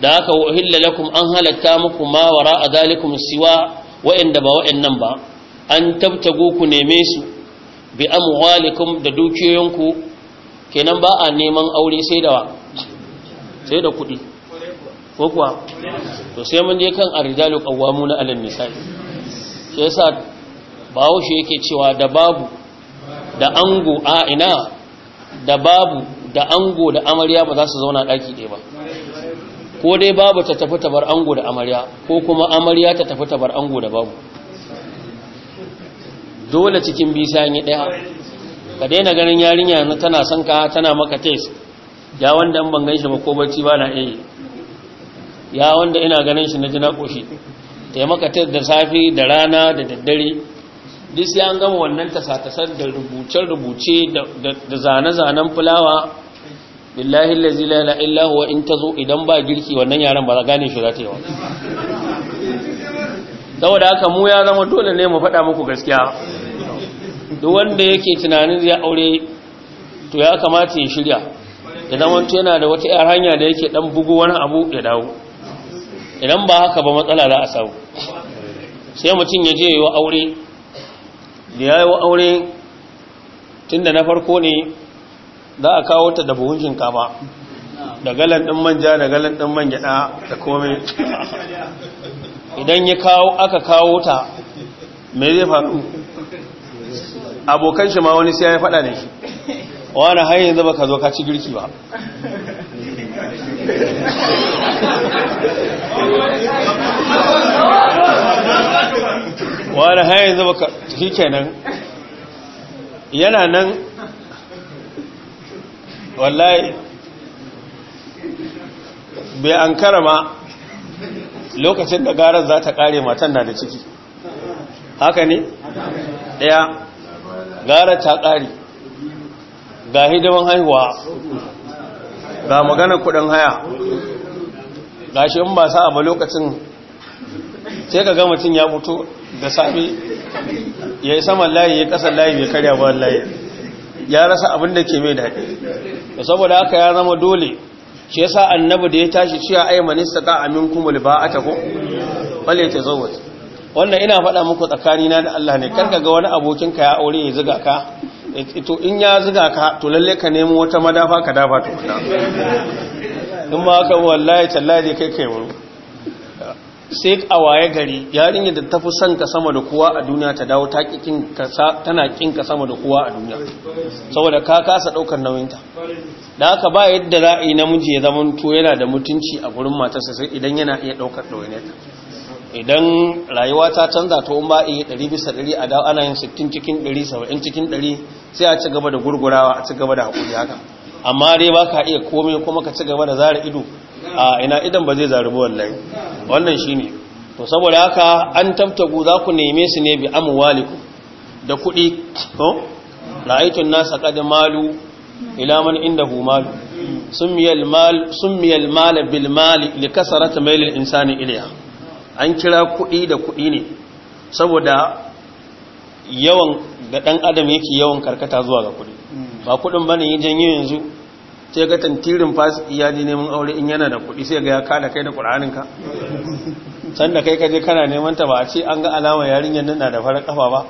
da haka uhilla lakum an halatta muku ma a zalikum siwa wa'inda ba wa'annan ba an tabtago ku neme su bi amwalikum da dukiyoyinku kenan ba a neman aure sai da sai da kuɗi ko kuwa to sai mun je kan arrijalu na 'alan nisa'i sai sa bawo shi yake cewa da babu da ango a ina da babu da ango da amarya ba za su zauna ɗaki ɗaya ba ko dai babu ta tafi tabar ango da amarya ko kuma amarya ta tafi tabar ango da babu dole cikin bisa yi ɗaya ka daina ganin yarinya na tana son ka tana maka tes ya wanda an ban shi makobarci ba na iya ya wanda ina ganin shi na ji na ƙoshi ta yi maka tes da safe da rana da daddare duk sai an gama wannan tasa da rubuce-rubuce da zane-zanen fulawa billahi lazi la ilaha in ta zo idan ba girki wannan yaran ba za gane shi za ta yi wa saboda haka mu ya zama dole ne mu faɗa muku gaskiya duk wanda yake tunanin zai aure to ya kamata ya shirya idan wanto yana da wata yar hanya da yake dan bugu wani abu ya dawo idan ba haka ba matsala za a samu sai mutum ya je wa aure da ya yi aure tunda na farko ne za a kawo ta da buhun shinkafa da galan din manja da galan din man gyaɗa da komai idan ya kawo aka kawo ta me zai faru abokan shi ma wani sai ya faɗa da shi wani har yanzu ba ka zo ka ci girki ba wani har yanzu ba ka shi kenan yana nan wallahi bai an karama lokacin da garar za ta kare matan na da ciki haka ne? ɗaya gara ta ƙari ga hidiman haihuwa ga magana kudin haya ga shi in ba sa abu lokacin sai ka gama cin ya fito da sami ya yi saman layi ya kasar layi mai karya ba layi ya rasa abin da ke mai daɗi da saboda haka ya zama dole shi sa annabi da ya tashi cewa ai manista ka amin kuma liba a tako bale ta zo wata wannan ina faɗa muku tsakanina da Allah ne karka ga wani abokinka ya aure ya ziga ka to in ya ziga ka to lalle ka nemo wata madafa ka dafa to in ma ka wallahi tallahi kai kai wuri sai a waye gari yarinya da tafi son ka sama da kowa a duniya ta dawo ta kin ka tana kin ka sama da kowa a duniya saboda ka kasa daukar ta. da haka ba yadda za'i namiji ya zama to yana da mutunci a gurin matarsa sai idan yana iya daukar ta. idan rayuwa ta canza to in ba a yi 100 bisa a da ana yin 60 cikin 70 cikin 100 sai a ci gaba da gurgurawa a ci gaba da haƙuri haka amma dai ba ka iya komai kuma ka ci gaba da zara ido a ina idan ba zai zarubi wallahi wannan shi ne. to saboda haka an tabtagu za ku neme su ne bi amuwaliku da kuɗi ko ra'aytun nasa qad malu ila Inda, Hu, malu Sun miyar mal summiya al mal bil mal li mailin, insani iliya an kira kuɗi da kuɗi ne saboda yawan ga ɗan adam yake yawan karkata zuwa ga kuɗi ba kuɗin ba ne ya janyo yanzu sai ga tantirin fasiki ya ji neman aure in yana da kuɗi sai ga ya kada kai da ƙur'aninka san da kai kaje kana neman ta ba a ce an ga alama yarinyar nan na da farar kafa ba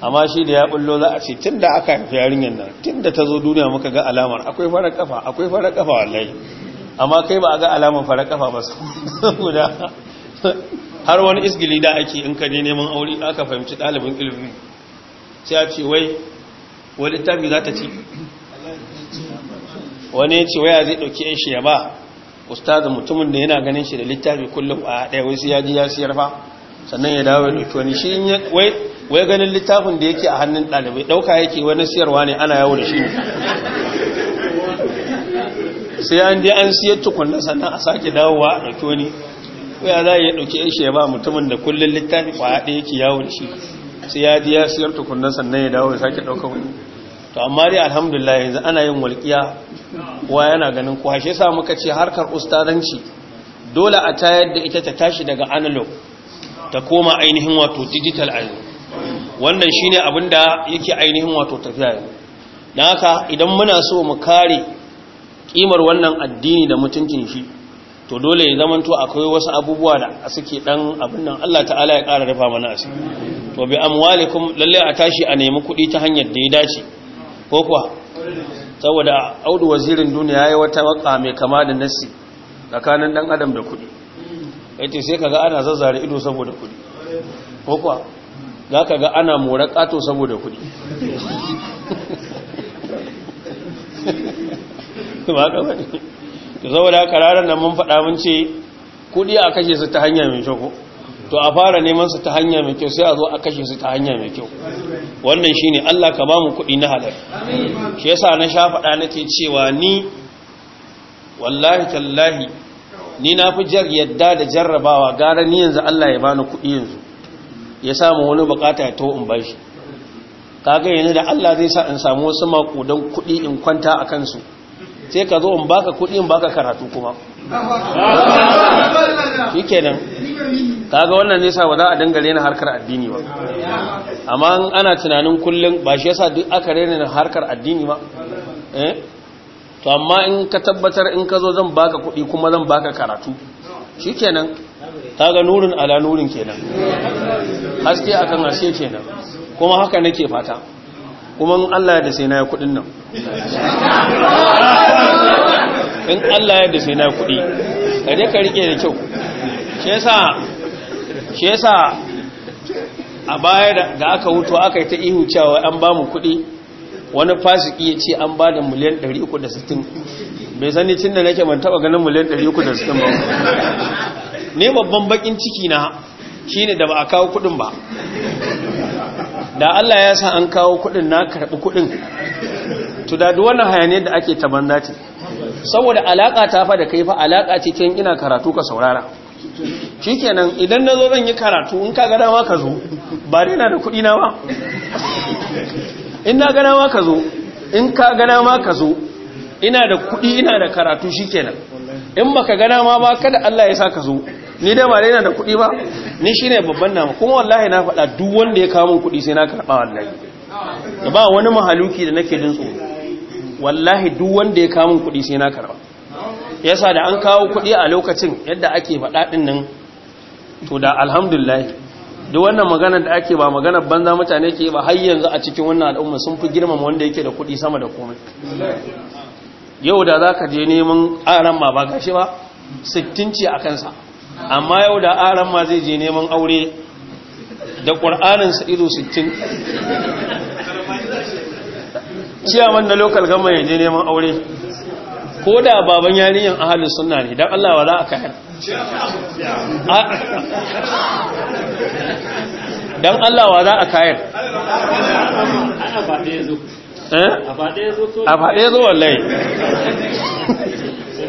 amma shi da ya bullo za a ce tun da aka haifi yarinyar nan tun da ta zo duniya muka ga alamar akwai farar kafa akwai farar kafa wallahi amma kai ba a ga alamar farar kafa ba saboda har wani isgili da ake in ka ne neman aure aka fahimci ɗalibin ilimi sai a ce wai wani tabi za ta ci wani ya ce waya zai ɗauki yan shi ya ba ustazin mutumin da yana ganin shi da littafi kullum a ɗaya wai ya ji ya siyar fa sannan ya dawo da ɗauki wani shi wai ganin littafin da yake a hannun ɗalibai ɗauka yake wani siyarwa ne ana yawo da shi ne? sai an je an siyar tukunna sannan a sake dawowa a ɗauki wani ya za ya ɗauki shi ya ba mutumin da kullum littafi kwaya ɗaya yake yawo da shi sai ya ji ya siyar tukunan sannan ya dawo ya sake ɗauka wani to amma dai alhamdulillah yanzu ana yin walƙiya kuwa yana ganin kowa shi yasa muka ce harkar ustadanci dole a tayar da ita ta tashi daga analog ta koma ainihin wato digital ayo wannan shine abin da yake ainihin wato tafiya yanzu dan haka idan muna so mu kare ƙimar wannan addini da mutuncin shi to dole ya zamanto akwai wasu abubuwa da suke dan abin nan Allah ta'ala ya kara rufa mana asiri to bi amwalikum lalle a tashi a nemi kuɗi ta hanyar da ya dace ko kuwa saboda audu wazirin duniya yayi wata waka mai kama da nasi tsakanin dan adam da kuɗi ce sai kaga ana zazzare ido saboda kuɗi ko kuwa zaka ga ana morar kato saboda kuɗi ba ka bane saboda haka ranar mun faɗa mun ce kuɗi a kashe su ta hanya mai kyau to a fara neman su ta hanya mai kyau sai a zo a kashe su ta hanya mai kyau wannan shine Allah ka ba mu kuɗi na halal shi yasa na sha faɗa nake cewa ni wallahi tallahi ni na fi jar yadda da jarrabawa gara ni yanzu Allah ya bani kuɗi yanzu ya samu wani bukata ya to in bashi kaga yanzu da Allah zai sa in samu wasu makudan kuɗi in kwanta a kansu sai ka zo in baka kuɗi in baka karatu kuma kenan kaga wannan ne sa ba za a dangare na harkar addini ba amma ana tunanin kullum ba shi yasa duk aka rena na harkar addini ba eh? to amma in ka tabbatar in ka zo zan baka kuɗi kuma zan baka karatu shikenan kaga nurin ala nurin kenan haske akan haske kenan kuma haka nake fata kuma in Allah ya da sai na ya kudin nan in Allah ya da sai na kudi kaje ka rike da kyau shi yasa shi yasa a baya da aka wuto aka yi ta ihu cewa an ba mu kudi wani fasiki ya ce an ba da miliyan 360 bai sani cin da nake man taba ganin miliyan 360 ba ne babban bakin ciki na shine da ba a kawo kudin ba da Allah ya sa an kawo kudin na karɓi kudin to da duk wannan hayaniyar da ake ta banza ce saboda alaka ta fa da kai fa alaka ce ta ina karatu ka saurara shikenan idan nazo zan yi karatu in ka ga dama ka zo ba dai na da kudi na ba in na ga dama ka zo in ka ga dama ka zo ina da kudi ina da karatu shikenan in baka ga dama ba kada Allah ya sa ka zo ni da ba yana da kuɗi ba ni shine babban namu kuma wallahi na faɗa duk wanda ya kawo min kuɗi sai na karɓa wallahi ba wani mahaluki da nake jin tsoro wallahi duk wanda ya kawo min kuɗi sai na karɓa yasa da an kawo kuɗi a lokacin yadda ake faɗa din nan to da alhamdulillah duk wannan magana da ake ba magana banza mutane ke ba har yanzu a cikin wannan al'umma sun fi girmama wanda yake da kuɗi sama da komai yau da za ka je neman aran ma ba gashi ba sittin ce a kansa amma yau da aran ma zai je neman aure da ƙwar'anin sa'idu 60 ciyaman na lokal gama ya je neman aure ko da baban yarinyar ahalin suna ne don Allah wa za a kayan don Allah wa za a kayan eh? a faɗe zo wallai.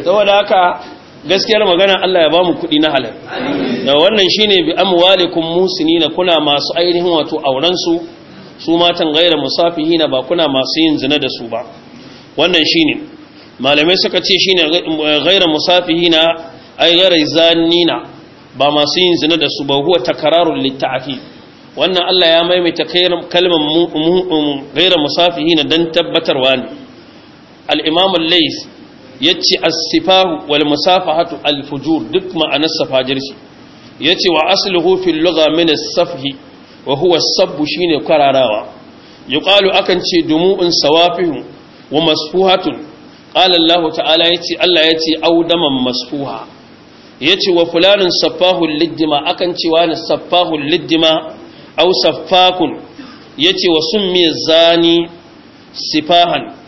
saboda haka gaskiyar magana Allah ya bamu kuɗi na halal da wannan shi ne bi amwalikum musinina kuna masu ainihin wato aurensu su matan gaira musafihina ba kuna masu yin zina da su ba wannan shi ne malamai suka ce shi ne gaira musafihina ai gaira zanina ba masu yin zina da su ba huwa takrarul litta'fi wannan Allah ya maimaita kalmar um, gaira musafihina don tabbatarwa ne al imamun al yace as-sifahu wal musafahatu alfujur fujur duk ma'anar safajirci yace wa asluhu fil lugha min as-safhi wa huwa as shi shine kwararawa yuqalu akan ce dumu'un sawafihu wa masfuhatun qala Allah ta'ala yace Allah yace audaman masfuha yace wa fulanin safahun liddima akan ce wani saffahul liddima Au saffakun ce wa miya zani sifahan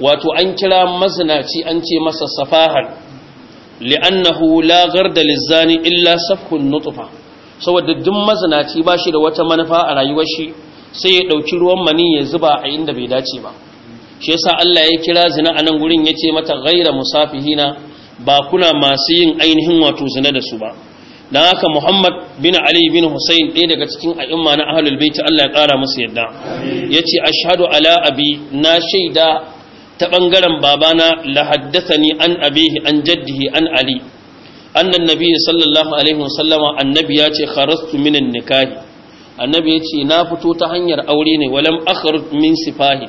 wato an kira mazinaci an ce masa safahan li'annahu la garda lizani illa safhun nutfa saboda duk mazinaci ba shi da wata manufa a rayuwar shi sai ya dauki ruwan mani ya zuba a inda bai dace ba shi yasa Allah ya kira zina a nan gurin yace mata ghaira musafihina ba kuna masu yin ainihin wato zina da su ba dan haka Muhammad bin Ali bin Hussein ɗaya daga cikin a'imma na ahlul bait Allah ya kara musu yadda yace ashhadu ala abi na shaida ta bangaren babana la haddathani an abihi an jaddihi an ali annan nabi sallallahu alaihi wasallama annabi ya ce kharastu minan nikahi annabi ya ce na fito ta hanyar aure ne walam akhrut min sifahi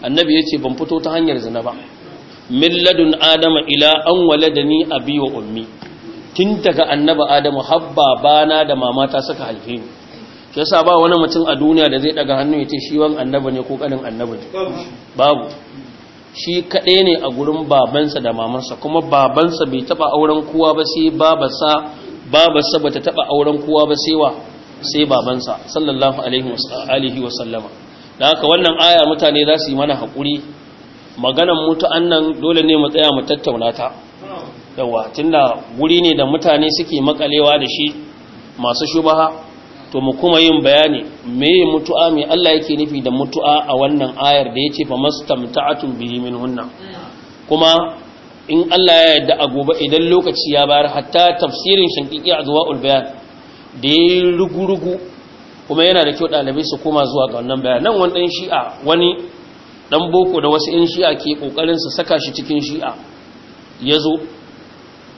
annabi ya ce ban fito ta hanyar zina ba milladun ladun adama ila an waladani abi wa ummi tun daga annabi adamu habba bana da mamata suka haife ni shi yasa ba wani mutum a duniya da zai daga hannu ya ce shi wan annabi ne ko kanin annabi babu shi kaɗai ne a gurin babansa da mamansa kuma babansa bai taɓa auren kowa ba sai babarsa babasa bata taɓa auren kowa ba sai wa sai babansa sallallahu alaihi wa sallama da haka wannan aya mutane za su yi mana haƙuri maganan mutu'an annan dole ne mu tsaya mu tattauna ta yawa tunda guri ne da mutane suke makalewa da shi masu shubaha to mu kuma yin bayani meye mutu'a me Allah yake nufi da mutu'a a wannan ayar da yace fa mastamta'atun bihi hunna kuma in Allah ya yarda a gobe idan lokaci ya bayar hatta tafsirin shinqiqi azwaul bayan da yayi rugurugu kuma yana da kyau dalibai su koma zuwa ga wannan bayan nan wani dan shi'a wani dan boko da wasu in shi'a ke kokarin su saka shi cikin shi'a yazo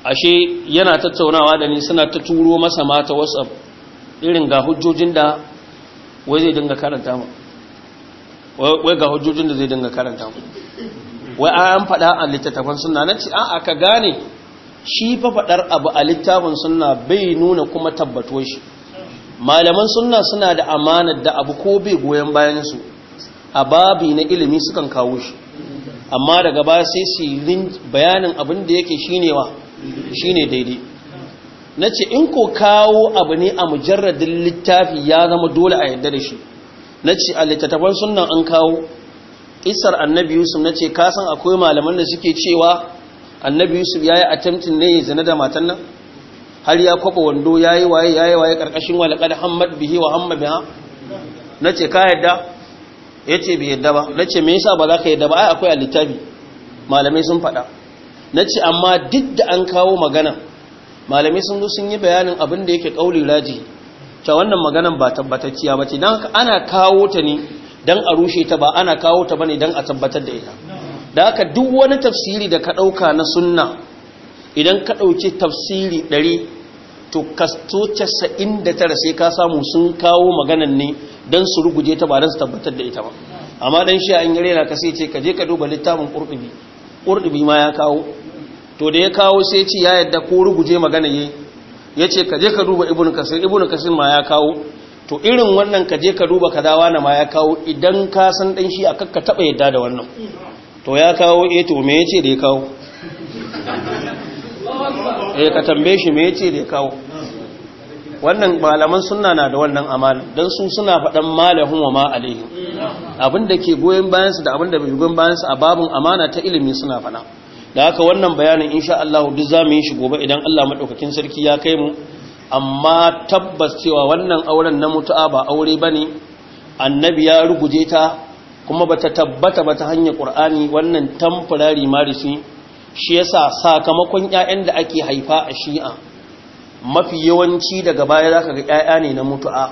ashe yana tattaunawa da ni suna ta turo masa mata WhatsApp irin ga hujjojin da wai zai dinga karanta mu wai ga hujjojin da zai dinga karanta mu wai an faɗa a littattafan sunna na ce a aka gane shi fa faɗar abu a littafin sunna bai nuna kuma tabbato shi malaman sunna suna da amanar da abu ko bai goyon bayansu a babi na ilimi sukan kawo shi amma daga baya sai su yi bayanin abin da yake shine wa shine daidai na ce in ko kawo abu ne a mujarradin littafi ya zama dole a yadda da shi na ce a littattafan sunan an kawo isar annabi yusuf na ce kasan akwai malaman da suke cewa annabi yusuf ya yi attempting ne ya zina da matan nan har ya kwaba wando ya yi waye ya yi waye ƙarƙashin walaƙar hamad bihi wa hamad biha na ce ka yadda ya ce bai yadda ba na ce mai yasa ba za ka yadda ba ai akwai a littafi malamai sun faɗa na ce amma duk da an kawo magana malamai sun zo sun yi bayanin abin da yake kauli raji ta wannan maganan ba tabbatacciya ba ce don ana kawo ta ne don a rushe ta ba ana kawo ta ba ne don a tabbatar da ita da haka duk wani tafsiri da ka ɗauka na sunna idan ka ɗauki tafsiri ɗari to kasto casa'in da tara sai ka samu sun kawo maganan ne don su ruguje ta ba don su tabbatar da ita ba amma dan shi a yi rena ka sai ce ka je ka duba littafin ƙurɗubi ƙurɗubi ma ya kawo to da ya kawo sai ce ya yadda ko ruguje magana yi ya ce ka je ka duba ibn kasir ibn kasir ma ya kawo to irin wannan ka je ka duba kazawa na ma ya kawo idan ka san dan shi akan ka taba yadda da wannan to ya kawo eh to me yace da ya kawo eh ka tambaye shi me yace da ya kawo wannan malaman sunna na da wannan amana dan su suna faɗan malahun wa ma alaihim abinda ke goyen bayansu da abinda bai goyen bayansu a babun amana ta ilimi suna fana da haka wannan bayanin insha Allah duk za mu yi shi gobe idan Allah maɗaukakin sarki ya kai mu amma tabbas cewa wannan auren na mutu'a ba aure bane annabi ya ruguje ta kuma bata tabbata ba ta hanyar Qur'ani wannan tamfurari marisi shi yasa sakamakon ƴaƴan da ake haifa a Shi'a mafi yawanci daga baya zaka ga 'ya'ya ne na mutu'a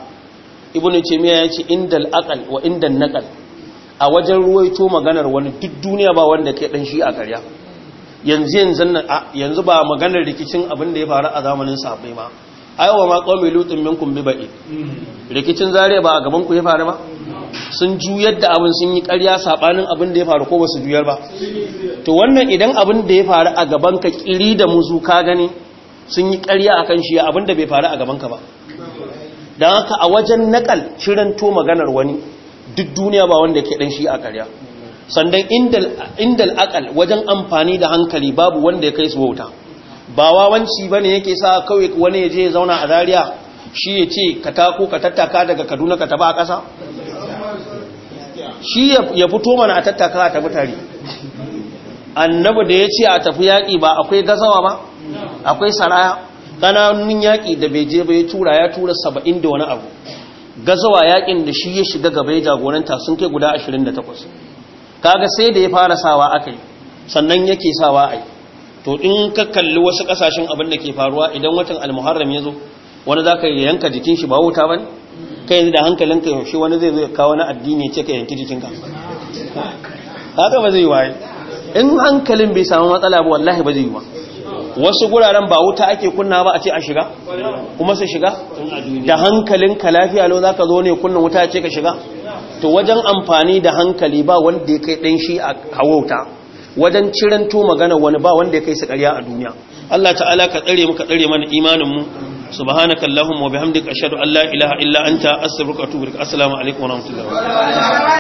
ibnu ya ce indal aqal wa indan naqal a wajen ruwaito maganar wani duk duniya ba wanda ke dan Shi'a karya yanzu yanzu yanzu ba maganar rikicin abin da ya faru a zamanin sahabbai ma aiwa ma qaumi lutun minkum bi ba'i rikicin zare ba a gaban ku ya faru ba sun juyar da abin sun yi ƙarya sabanin abin da ya faru ko ba su juyar ba to wannan idan abin da ya faru a gaban ka kiri da musu ka gani sun yi ƙarya akan shi abin da bai faru a gaban ka ba dan haka a wajen nakal shirin to maganar wani duk duniya ba wanda ke ɗan shi a karya. sannan indal akal wajen amfani da hankali babu wanda ya kai su wauta ba wawanci ba ne yake sa kawai wani ya je ya zauna a Zariya shi ya ce ka tako ka tattaka daga Kaduna ka taba a ƙasa shi ya fito mana a tattaka a tafi tare Annabu da ya ce a tafi yaƙi ba akwai gazawa ba akwai saraya ƙananun yaƙi da bai je ba ya tura ya tura saba'in da wani abu gazawa yaƙin da shi ya shiga gaba ya jagoranta sun kai guda ashirin da takwas kaga sai da ya fara sawa aka yi sannan yake sawa ai to in ka kalli wasu kasashen abin da ke faruwa idan watan al-muharram ya zo wani za ka yanka jikin shi ba wuta ba ne ka yanzu da hankalinka yaushe wani zai ya kawo na addini ce ka yanki jikinka haka ba zai waye in hankalin bai samu matsala ba wallahi ba zai ba. wasu guraren ba wuta ake kunna ba a ce a shiga kuma su shiga da hankalinka lafiya lau za ka zo ne kunna wuta ce ka shiga to wajen amfani da hankali ba wanda ya kai ɗan shi a hawauta wajen ciranto magana wani ba wanda ya kai su ƙarya a duniya Allah ta'ala ka tsare mu ka tsare mana imanin mu subhanaka allahumma wa bihamdika ashhadu an la ilaha illa anta astaghfiruka wa atubu ilaik assalamu alaikum wa rahmatullahi